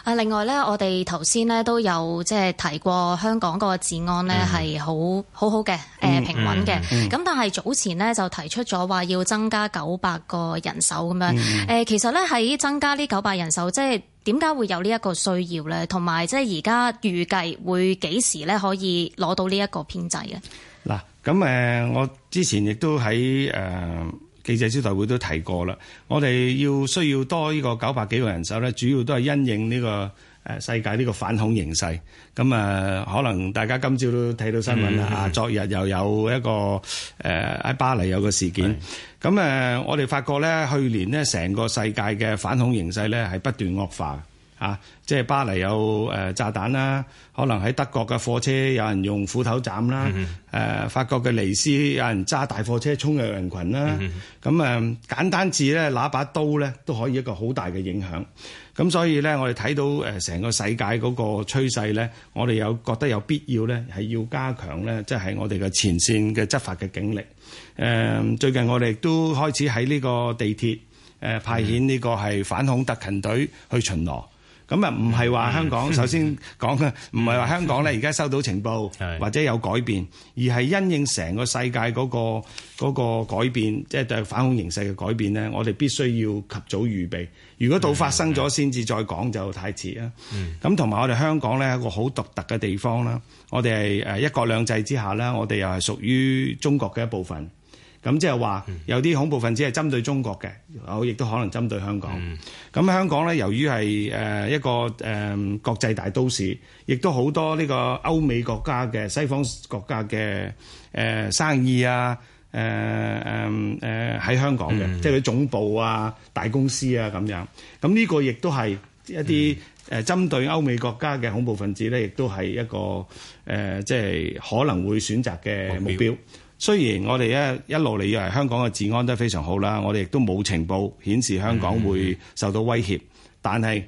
啊、嗯，另外咧，我哋頭先咧都有即係提過香港個治安呢，係好好好嘅，誒平穩嘅。咁、嗯嗯嗯、但係早前呢，就提出咗話要增加九百個人手咁樣。誒，其實咧喺增加呢九百人手，即係。點解會有呢一個需要咧？同埋即係而家預計會幾時咧可以攞到呢一個編制咧？嗱，咁、呃、誒，我之前亦都喺誒、呃、記者招待會都提過啦。我哋要需要多呢個九百幾個人手咧，主要都係因應呢個。誒世界呢個反恐形勢，咁啊可能大家今朝都睇到新聞啦。啊、mm，hmm。昨日又有一個誒喺、呃、巴黎有個事件，咁誒、mm hmm。呃、我哋發覺咧，去年呢成個世界嘅反恐形勢咧係不斷惡化嚇、啊，即係巴黎有誒、呃、炸彈啦，可能喺德國嘅貨車有人用斧頭斬啦，誒、mm hmm。呃、法國嘅尼斯有人揸大貨車衝入人群啦，咁誒、mm hmm. 嗯嗯、簡單至咧拿把刀咧都可以一個好大嘅影響。咁所以咧，我哋睇到誒成個世界嗰個趨勢咧，我哋有覺得有必要咧，係要加強咧，即係我哋嘅前線嘅執法嘅警力。誒，最近我哋亦都開始喺呢個地鐵誒派遣呢個係反恐特勤隊去巡邏。咁啊，唔係話香港，首先講嘅唔係話香港咧，而家收到情報或者有改變，而係因應成個世界嗰個嗰個改變，即係對反恐形勢嘅改變咧，我哋必須要及早預備，如果到發生咗先至再講就太遲啦。嗯，咁同埋我哋香港咧，一個好獨特嘅地方啦，我哋係誒一國兩制之下咧，我哋又係屬於中國嘅一部分。咁即係話有啲恐怖分子係針對中國嘅，有亦都可能針對香港。咁、嗯、香港咧，由於係誒一個誒國際大都市，亦都好多呢個歐美國家嘅西方國家嘅誒生意啊，誒誒誒喺香港嘅，嗯、即係佢總部啊、大公司啊咁樣。咁、這、呢個亦都係一啲誒針對歐美國家嘅恐怖分子咧，亦都係一個誒、呃、即係可能會選擇嘅目標。雖然我哋咧一路嚟以來香港嘅治安都係非常好啦，我哋亦都冇情報顯示香港會受到威脅，mm. 但係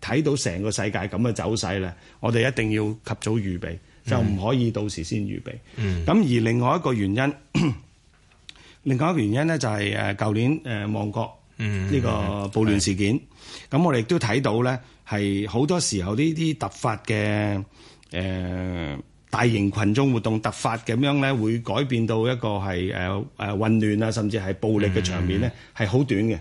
睇到成個世界咁嘅走勢咧，我哋一定要及早預備，mm. 就唔可以到時先預備。咁、mm. 而另外一個原因，mm. 另外一個原因咧就係誒舊年誒旺角呢個暴亂事件，咁、mm. 我哋亦都睇到咧係好多時候呢啲突發嘅誒。呃大型群眾活動突發咁樣咧，會改變到一個係誒誒混亂啊，甚至係暴力嘅場面，嗯，是很的呢係好短嘅。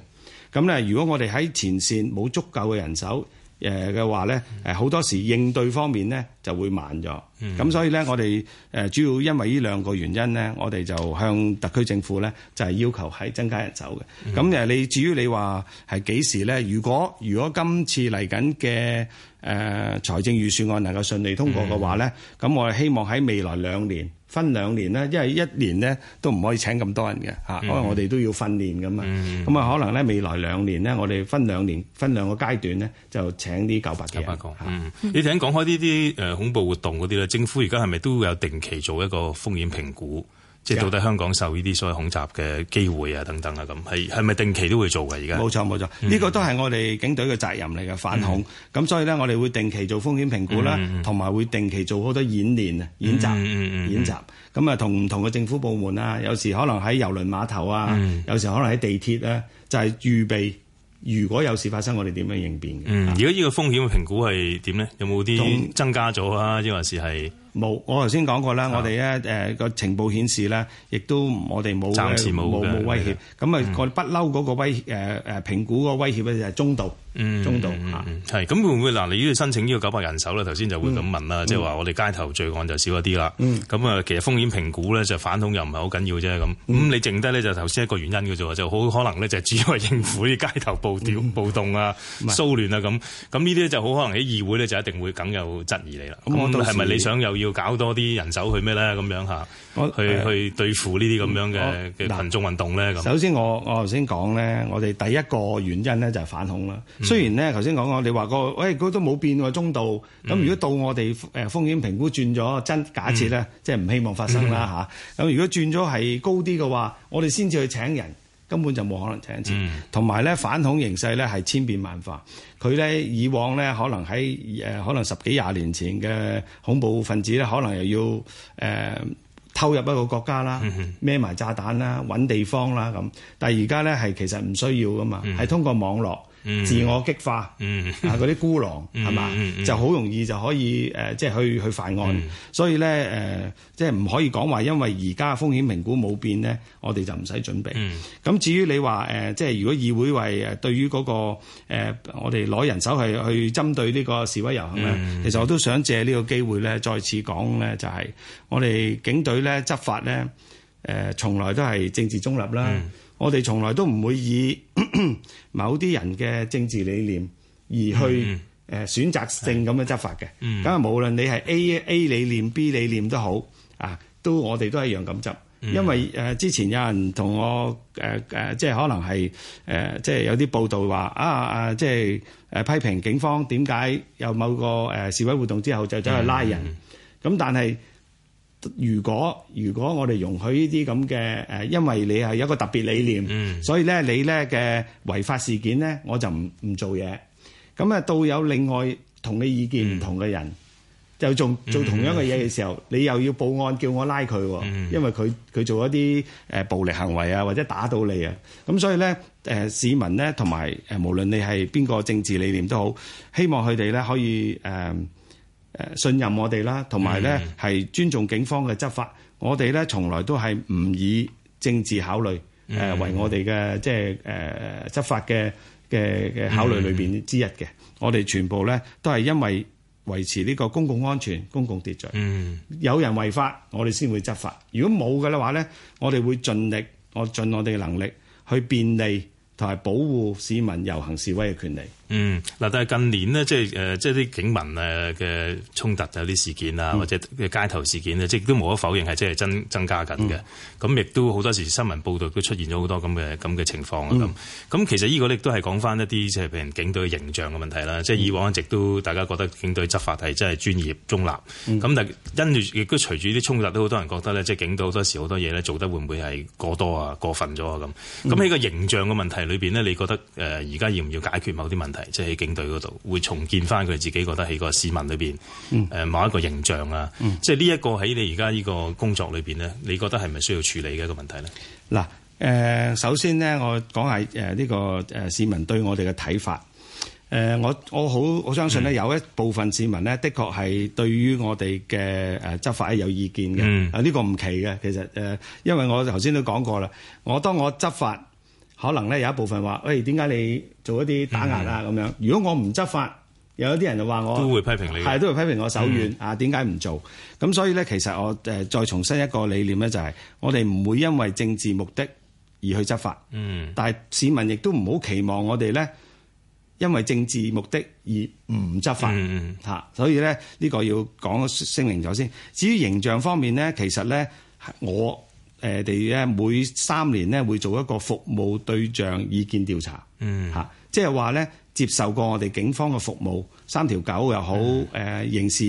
咁咧，如果我哋喺前線冇足夠嘅人手。誒嘅話咧，誒好多時應對方面咧就會慢咗，咁、嗯、所以咧我哋誒主要因為呢兩個原因咧，我哋就向特區政府咧就係要求係增加人手嘅。咁誒、嗯、你至於你話係幾時咧？如果如果今次嚟緊嘅誒財政預算案能夠順利通過嘅話咧，咁、嗯、我哋希望喺未來兩年。分兩年呢，因為一年呢都唔可以請咁多人嘅嚇，嗯、因為我哋都要訓練㗎嘛。咁啊、嗯，可能咧未來兩年呢，我哋分兩年，分兩個階段呢，就請啲九百幾人。嗯，嗯，你頭先講開呢啲誒恐怖活動嗰啲咧，政府而家係咪都有定期做一個風險評估？即到底香港受呢啲所謂恐襲嘅機會啊，等等啊，咁係係咪定期都會做嘅？而家冇錯冇錯，呢個都係我哋警隊嘅責任嚟嘅反恐。咁、嗯、所以咧，我哋會定期做風險評估啦，同埋、嗯嗯、會定期做好多演練啊，演習、嗯嗯嗯、演習，咁啊，同唔同嘅政府部門啊，有時可能喺郵輪碼頭啊，嗯、有時可能喺地鐵啊，就係、是、預備，如果有事發生，我哋點樣應變嘅？如果呢個風險嘅評估係點咧？有冇啲增加咗啊？抑或是係。冇，我頭先講過啦，我哋咧誒個情報顯示咧，亦都我哋冇暫時冇冇威脅，咁啊個不嬲嗰個威誒誒評估個威脅咧就係中度，中度啊，係咁會唔會嗱？你依度申請呢個九百人手咧，頭先就會咁問啦，即係話我哋街頭罪案就少一啲啦，咁啊其實風險評估咧就反恐又唔係好緊要啫咁，咁你剩低咧就頭先一個原因嘅啫，就好可能咧就係主要係應付啲街頭暴屌暴動啊、騷亂啊咁，咁呢啲咧就好可能喺議會咧就一定會梗有質疑你啦。咁係咪你想有？要搞多啲人手去咩咧？咁樣吓，去我去對付呢啲咁樣嘅嘅我群眾運動咧。首先我，我我頭先講咧，我哋第一個原因咧就係反恐啦。嗯、雖然咧頭先講我哋話個，誒佢、欸、都冇變喎中度。咁、嗯、如果到我哋誒風險評估轉咗，真假設咧，嗯、即係唔希望發生啦嚇。咁、嗯啊、如果轉咗係高啲嘅話，我哋先至去請人。根本就冇可能請錢，同埋咧反恐形勢咧係千變萬化。佢咧以往咧可能喺誒、呃、可能十幾廿年前嘅恐怖分子咧，可能又要誒、呃、偷入一個國家啦，孭埋炸彈啦，揾地方啦咁。但係而家咧係其實唔需要㗎嘛，係通過網絡。自我激化，啊嗰啲孤狼係嘛，就好容易就可以誒，即係去去犯案。嗯、所以咧誒，即係唔可以講話，因為而家風險評估冇變咧，我哋就唔使準備。咁、嗯、至於你話誒，即係如果議會為誒對於嗰、嗰個我哋攞人手係去針對呢個示威遊行咧，嗯、其實我都想借呢個機會咧，再次講咧、就係，就係、哦、我哋警隊咧執法咧，誒從來都係政治中立啦。嗯我哋從來都唔會以 某啲人嘅政治理念而去誒選擇性咁樣執法嘅，咁啊、mm hmm. 無論你係 A A 理念、B 理念都好啊，都我哋都係一樣咁執，mm hmm. 因為誒之前有人同我誒誒、呃呃，即係可能係誒，即係有啲報道話啊啊，即係誒批評警方點解有某個誒示威活動之後就走去拉人，咁、mm hmm. 但係。如果如果我哋容許呢啲咁嘅誒，因為你係有一個特別理念，所以咧你咧嘅違法事件咧，我就唔唔做嘢。咁啊，到有另外同你意見唔同嘅人，就做做同樣嘅嘢嘅時候，你又要報案叫我拉佢喎，因為佢佢做一啲誒暴力行為啊，或者打到你啊。咁所以咧，誒市民咧同埋誒，無論你係邊個政治理念都好，希望佢哋咧可以誒。信任我哋啦，同埋咧係尊重警方嘅執法。Mm hmm. 我哋咧從來都係唔以政治考慮誒、mm hmm. 為我哋嘅即係誒執法嘅嘅嘅考慮裏邊之一嘅。Mm hmm. 我哋全部咧都係因為維持呢個公共安全、公共秩序。嗯、mm，hmm. 有人違法，我哋先會執法。如果冇嘅咧話咧，我哋會盡力，我盡我哋嘅能力去便利同埋保護市民遊行示威嘅權利。嗯，嗱，但係近年呢，即係誒即係啲警民誒嘅衝突有啲事件啊，或者街頭事件咧，即係都無可否認係即係增增加緊嘅。咁亦都好多時新聞報道都出現咗好多咁嘅咁嘅情況啊。咁咁其實呢個亦都係講翻一啲即係譬如警隊嘅形象嘅問題啦。即係以往一直都大家覺得警隊執法係真係專業中立。咁但係跟住亦都隨住啲衝突都好多人覺得咧，即係警隊好多時好多嘢咧做得會唔會係過多啊、過分咗啊咁。咁喺個形象嘅問題裏邊咧，你覺得誒而家要唔要解決某啲問題？即係警隊嗰度會重建翻佢自己覺得喺個市民裏邊誒、嗯呃、某一個形象啊，嗯、即係呢一個喺你而家呢個工作裏邊咧，你覺得係咪需要處理嘅一個問題咧？嗱，誒，首先咧，我講下誒呢個誒市民對我哋嘅睇法，誒，我我好我相信咧，有一部分市民咧的確係對於我哋嘅誒執法係有意見嘅，啊、嗯，呢個唔奇嘅，其實誒，因為我頭先都講過啦，我當我執法。可能咧有一部分話，喂，點解你做一啲打壓啊咁樣？嗯、如果我唔執法，有一啲人就話我都會批評你，係都會批評我手軟啊？點解唔做？咁所以咧，其實我誒再重申一個理念咧、就係，就係我哋唔會因為政治目的而去執法。嗯。但係市民亦都唔好期望我哋咧，因為政治目的而唔執法。嗯，嗯，吓，所以咧，呢、呢個要講聲明咗先。至於形象方面咧，其實咧，我。誒，哋咧每三年咧會做一個服務對象意見調查，嚇，即係話咧接受過我哋警方嘅服務，三條狗又好，誒刑事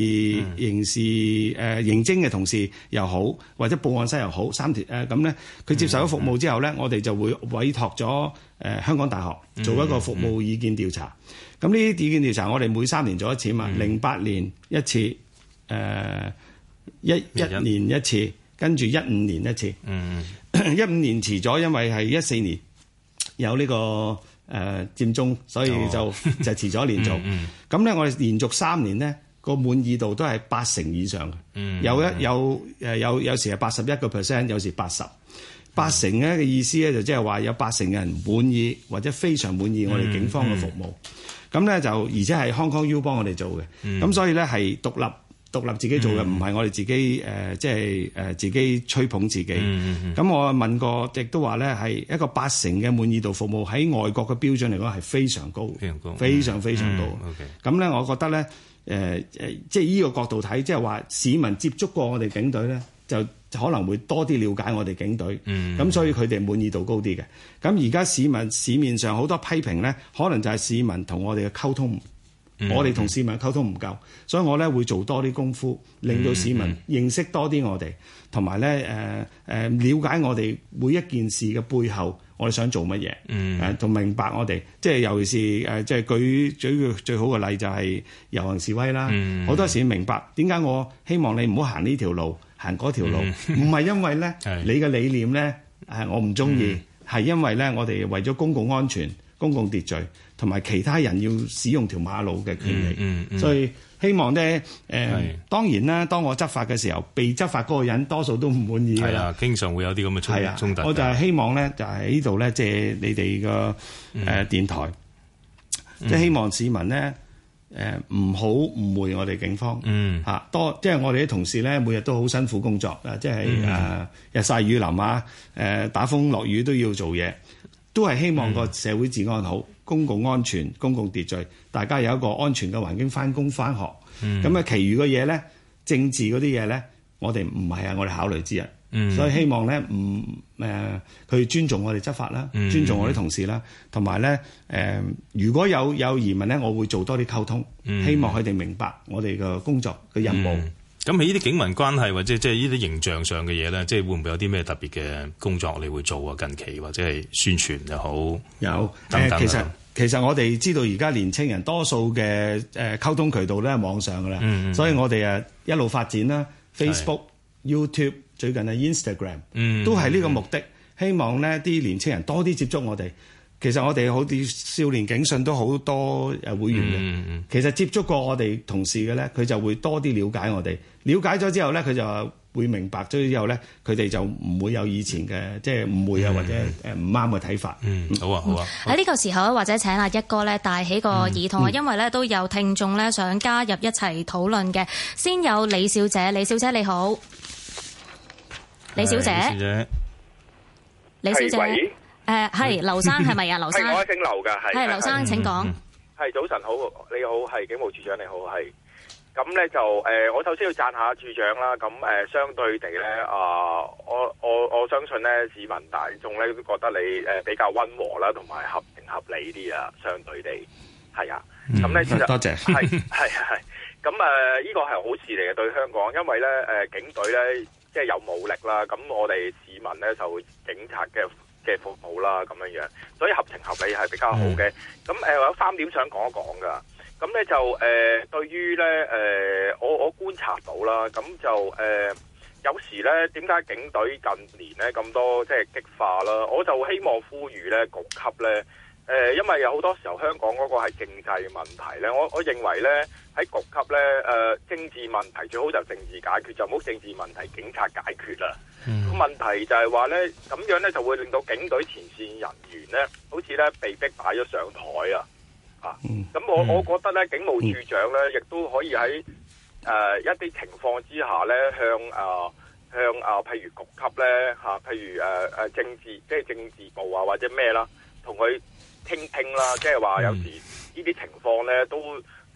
刑事誒刑偵嘅同事又好，或者報案室又好，三條誒咁咧，佢接、bon、受咗服務之後咧，我哋就會委託咗誒香港大學做一個服務意見調查。咁呢啲意見調查，我哋每三年做一次啊嘛，零八年一次，誒一一年一次。跟住一五年一次，一五、嗯、年遲咗，因為係一四年有呢、這個誒、呃、佔中，所以就就遲咗一年做。咁咧、哦， 嗯嗯我哋連續三年咧、這個滿意度都係八成以上嘅、嗯嗯嗯，有一有誒有有時係八十一個 percent，有時八十、嗯、八成咧嘅意思咧就即係話有八成嘅人滿意或者非常滿意我哋警方嘅服務。咁咧就而且係 Hong Kong U 幫我哋做嘅，咁、嗯嗯、所以咧係獨立。獨立自己做嘅唔係我哋自己誒，即係誒自己吹捧自己。咁、嗯嗯、我問過，亦都話呢係一個八成嘅滿意度服務喺外國嘅標準嚟講係非常高，非常高，非常非常高。咁、嗯 okay。呢，我覺得呢，誒、呃、即係呢個角度睇，即係話市民接觸過我哋警隊呢，就可能會多啲了解我哋警隊。咁、嗯、所以佢哋滿意度高啲嘅。咁而家市民市面上好多批評呢，可能就係市民同我哋嘅溝通。嗯、我哋同市民溝通唔夠，所以我咧會做多啲功夫，令到市民認識多啲我哋，同埋咧誒誒了解我哋每一件事嘅背後，我哋想做乜嘢，誒、嗯，同、呃、明白我哋，即係尤其是誒，即、呃、係舉主最好嘅例就係遊行示威啦。好、嗯、多時明白點解我希望你唔好行呢條路，行嗰條路，唔係、嗯、因為咧的你嘅理念咧誒、呃，我唔中意，係、嗯、因為咧我哋為咗公共安全。公共秩序同埋其他人要使用條馬路嘅權利，嗯嗯嗯、所以希望咧誒，呃、是當然啦，當我執法嘅時候，被執法嗰個人多數都唔滿意啦。係啦、啊，經常會有啲咁嘅衝突、啊。我就係希望咧，就喺呢度咧，借你哋個誒電台，嗯、即係希望市民咧誒唔好誤會我哋警方。嗯，嚇多即係我哋啲同事咧，每日都好辛苦工作啊！即係誒、呃、日曬雨淋啊，誒打風落雨都要做嘢。都係希望個社會治安好，嗯、公共安全、公共秩序，大家有一個安全嘅環境返工返學。咁啊、嗯，其餘嘅嘢呢？政治嗰啲嘢呢？我哋唔係啊，我哋考慮之一。嗯、所以希望呢，唔、嗯、誒，佢、呃、尊重我哋執法啦，嗯、尊重我啲同事啦，同埋呢，誒、呃，如果有有疑問呢，我會做多啲溝通，嗯、希望佢哋明白我哋嘅工作嘅任務。嗯咁喺呢啲警民關係或者即係呢啲形象上嘅嘢咧，即係會唔會有啲咩特別嘅工作你會做啊？近期或者係宣傳又好，有誒。其實其實我哋知道而家年青人多數嘅誒溝通渠道咧係網上㗎啦，嗯，所以我哋啊一路發展啦是 Facebook、YouTube 最近係 Instagram，都係呢個目的，嗯，希望咧啲年青人多啲接觸我哋。其實我哋好啲少年警訊都好多誒會員嘅、嗯，其實接觸過我哋同事嘅呢，佢就會多啲了解我哋。了解咗之後呢，佢就會明白咗之後呢，佢哋就唔會有以前嘅、嗯、即係誤會啊，或者唔啱嘅睇法、嗯。好啊，好啊。喺呢、啊、個時候，或者請阿一哥呢帶起個耳筒啊，嗯、因為呢，都有聽眾呢想加入一齊討論嘅。嗯、先有李小姐，李小姐你好，是李小姐，李小姐。誒，係劉生係咪啊？劉生，我姓劉噶，係劉生，請講。係早晨好，你好，係警務處長，你好，係咁咧就誒，我首先要讚下處長啦。咁誒，相對地咧啊，我我我相信咧，市民大眾咧都覺得你誒比較溫和啦，同埋合情合理啲啊。相對地係啊，咁咧其實多謝係係係咁誒，呢個係好事嚟嘅，對香港，因為咧誒警隊咧即係有武力啦。咁我哋市民咧就警察嘅。嘅服務啦，咁樣樣，所以合情合理係比較好嘅。咁我有三點想講一講㗎，咁咧就誒對於咧誒我我觀察到啦，咁就誒有時咧點解警隊近年咧咁多即係激化啦？我就希望呼籲咧局級咧。誒，因為有好多時候香港嗰個係政制問題咧，我我認為咧喺局級咧誒、呃、政治問題最好就政治解決，就唔好政治問題警察解決啦。咁、嗯、問題就係話咧，咁樣咧就會令到警隊前線人員咧，好似咧被逼擺咗上台啊！吓，咁我我覺得咧警務處長咧，亦都可以喺誒、呃、一啲情況之下咧，向誒、呃、向誒、呃、譬如局級咧吓、啊，譬如誒誒、呃、政治即係政治部啊或者咩啦，同佢。傾聽啦，即係話有時呢啲情況咧，都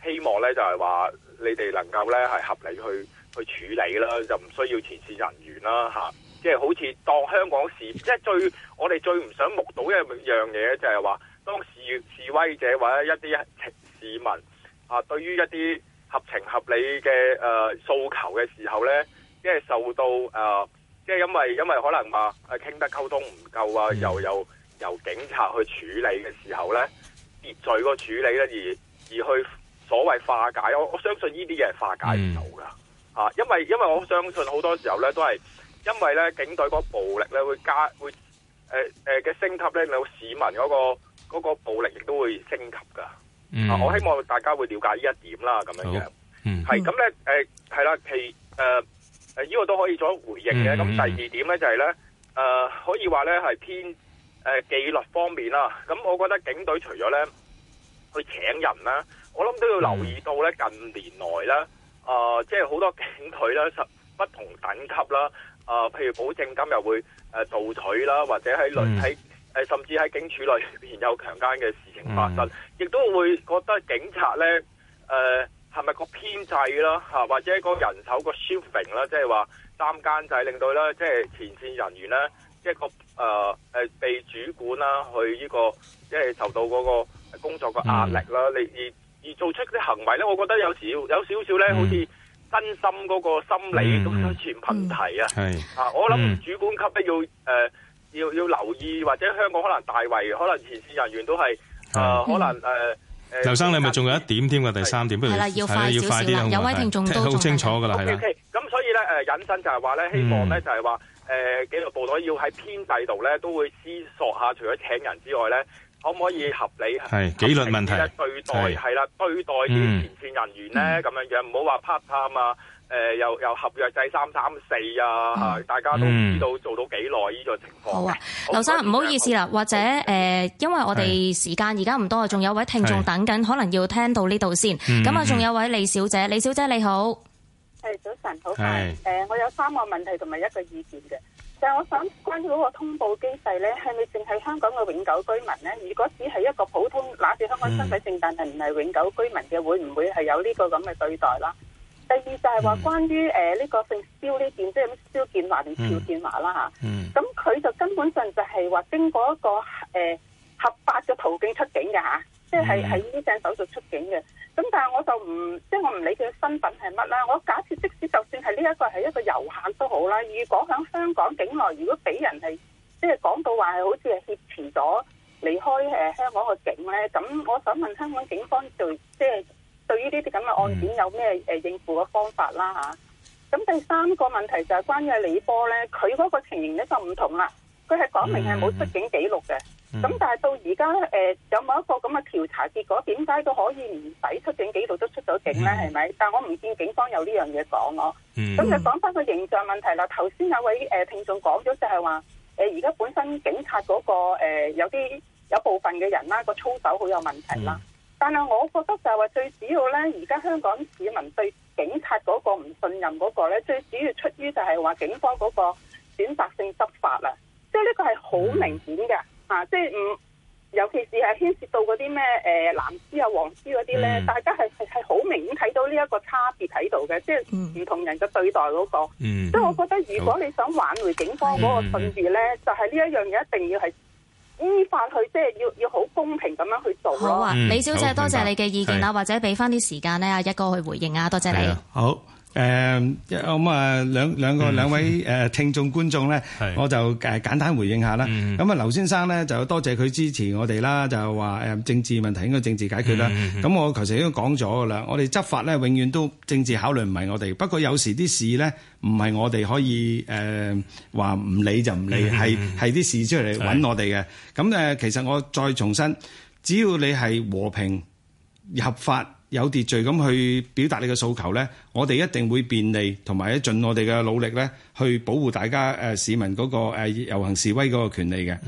希望咧就係話你哋能夠咧係合理去去處理啦，就唔需要前線人員啦嚇。即、啊、係、就是、好似當香港事，即、就、係、是、最我哋最唔想目睹一樣嘢，就係話當示示威者或者一啲市民啊，對於一啲合情合理嘅誒、呃、訴求嘅時候咧，即係受到誒，即、啊、係、就是、因為因為可能話傾、啊、得溝通唔夠啊，又又有。有由警察去處理嘅時候咧，秩序個處理咧而而去所謂化解，我我相信呢啲嘢係化解唔到噶嚇，嗯、因為因為我相信好多時候咧都係因為咧警隊嗰、呃呃嗰個嗰個暴力咧會加會誒誒嘅升級咧，有市民嗰個暴力亦都會升級噶。嗯，我希望大家會了解呢一點啦，咁樣樣，嗯，係咁咧，誒、呃、係啦，其誒呢、呃這個都可以做一回應嘅。咁、嗯嗯、第二點咧就係、是、咧，誒、呃、可以話咧係偏。誒、呃、紀律方面啦，咁、嗯、我覺得警隊除咗咧去請人啦，我諗都要留意到咧近年來咧，啊、呃，即係好多警隊咧十不同等級啦，啊、呃，譬如保證金又會誒盜取啦，或者喺輪喺誒甚至喺警署裏面有強姦嘅事情發生，亦、嗯、都會覺得警察咧誒係咪個編制啦嚇、啊，或者個人手個 shuffling 啦，即係話三更制令到咧，即係前線人員咧。呢一個誒誒、呃、被主管啦，去呢、這個即係受到嗰個工作嘅壓力啦，你、嗯、而而做出啲行為咧，我覺得有時有少少咧，好似身心嗰個心理都出現問題啊！係、嗯嗯、啊，我諗主管級咧要誒、呃、要要留意，或者香港可能大圍，可能前線人員都係誒、呃、可能誒。呃嗯、盧生，你咪仲有一點添㗎？第三點，不如係啦，要快啲啦，有位聽眾都好清楚㗎啦。OK OK，咁所以咧誒引申就係話咧，希望咧就係話。嗯誒紀律部隊要喺編制度咧，都會思索下，除咗請人之外咧，可唔可以合理係紀律問題嘅對待？係啦，對待啲前線人員咧，咁樣樣唔好話 part time 啊，誒又又合約制三三四啊，大家都唔知道做到幾耐呢個情況。好啊，劉生唔好意思啦，或者誒，因為我哋時間而家唔多啊，仲有位聽眾等緊，可能要聽到呢度先。咁啊，仲有位李小姐，李小姐你好。係早晨，好快。誒、嗯呃，我有三個問題同埋一個意見嘅，就係、是、我想關於嗰個通報機制咧，係咪淨係香港嘅永久居民咧？如果只係一個普通攞住香港身份證，但係唔係永久居民嘅，會唔會係有呢個咁嘅對待啦？第二就係話關於誒呢個姓肖呢邊，即係肖建華定肖建華啦吓。咁佢就根本上就係話經過一個誒、呃、合法嘅途徑出境嘅吓、啊，即係喺呢隻手續出境嘅。咁但係我就唔即係我唔理佢身份係乜啦，我假設即使就算係呢、這個、一個係一個遊客都好啦，如果喺香港境內，如果俾人係即係講到話係好似係挾持咗離開誒香港嘅境咧，咁我想問香港警方對即係對於呢啲咁嘅案件有咩誒應付嘅方法啦吓？咁、mm hmm. 第三個問題就係關於李波咧，佢嗰個情形咧就唔同啦，佢係講明係冇出境記錄嘅。Mm hmm. 咁、嗯、但係到而家咧，誒、呃、有冇一個咁嘅調查結果？點解都可以唔使出警幾度都出到警咧？係咪？嗯、但我唔見警方有呢樣嘢講咯。咁就講翻個形象問題啦。頭先有位誒聽眾講咗就係話，誒而家本身警察嗰、嗰個、呃、有啲有部分嘅人啦、啊，個操守好有問題啦。嗯、但係我覺得就係話最主要咧，而家香港市民對警察嗰個唔信任嗰個咧，最主要出於就係話警方嗰個選擇性執法啊，即係呢個係好明顯嘅。嗯。啊，即係唔，尤其是係牽涉到嗰啲咩誒藍絲啊黃絲嗰啲咧，大家係係係好明顯睇到呢一個差別喺度嘅，即係唔同人嘅對待嗰個。嗯，即係我覺得如果你想挽回警方嗰個信譽咧，就係呢一樣嘢一定要係依法去，即係要要好公平咁樣去做。好啊，李小姐，多謝你嘅意見啦，或者俾翻啲時間咧阿一哥去回應啊，多謝你。好。誒，我咁啊，兩兩個兩位誒聽眾觀眾咧，我就誒簡單回應下啦。咁啊，劉先生咧就多謝佢支持我哋啦，就係話誒政治問題應該政治解決啦。咁我頭先已經講咗噶啦，我哋執法咧永遠都政治考慮唔係我哋，不過有時啲事咧唔係我哋可以誒話唔理就唔理，係係啲事出嚟揾我哋嘅。咁誒，其實我再重申，只要你係和平合法，有秩序咁去表達你嘅訴求呢，我哋一定會便利同埋咧盡我哋嘅努力呢，去保護大家誒、呃、市民嗰、個誒、呃、遊行示威嗰個權利嘅。咁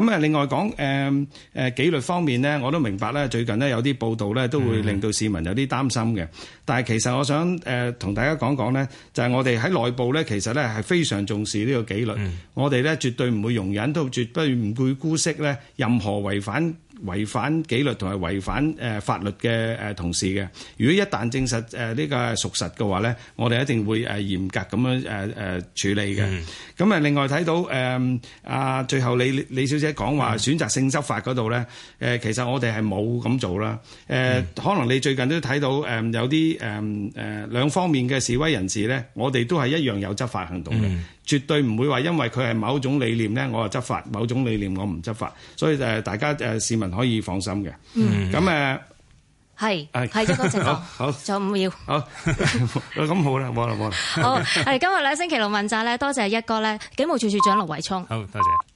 誒、嗯、另外講誒誒紀律方面呢，我都明白呢，最近呢，有啲報道呢，都會令到市民有啲擔心嘅。嗯、但係其實我想誒同、呃、大家講講呢，就係、係、我哋喺內部呢，其實呢係非常重視呢個紀律，嗯、我哋呢，絕對唔會容忍，都絕對不唔會姑息呢任何違反。違反紀律同埋違反誒法律嘅誒同事嘅，如果一旦證實誒呢個係屬實嘅話咧，我哋一定會誒嚴格咁樣誒誒處理嘅。咁誒、嗯、另外睇到誒阿最後李李小姐講話選擇性執法嗰度咧，誒其實我哋係冇咁做啦。誒可能你最近都睇到誒有啲誒誒兩方面嘅示威人士咧，我哋都係一樣有執法行動嘅。嗯絕對唔會話因為佢係某種理念咧，我就執法；某種理念我唔執法。所以誒，大家誒市民可以放心嘅。嗯。咁誒那，係係、嗯、一哥，謝謝。 好，仲五秒。好，咁好啦，冇啦，冇啦。 好，係今日咧，星期六問責咧，多謝一哥咧，警務處處長盧偉聰。好多謝。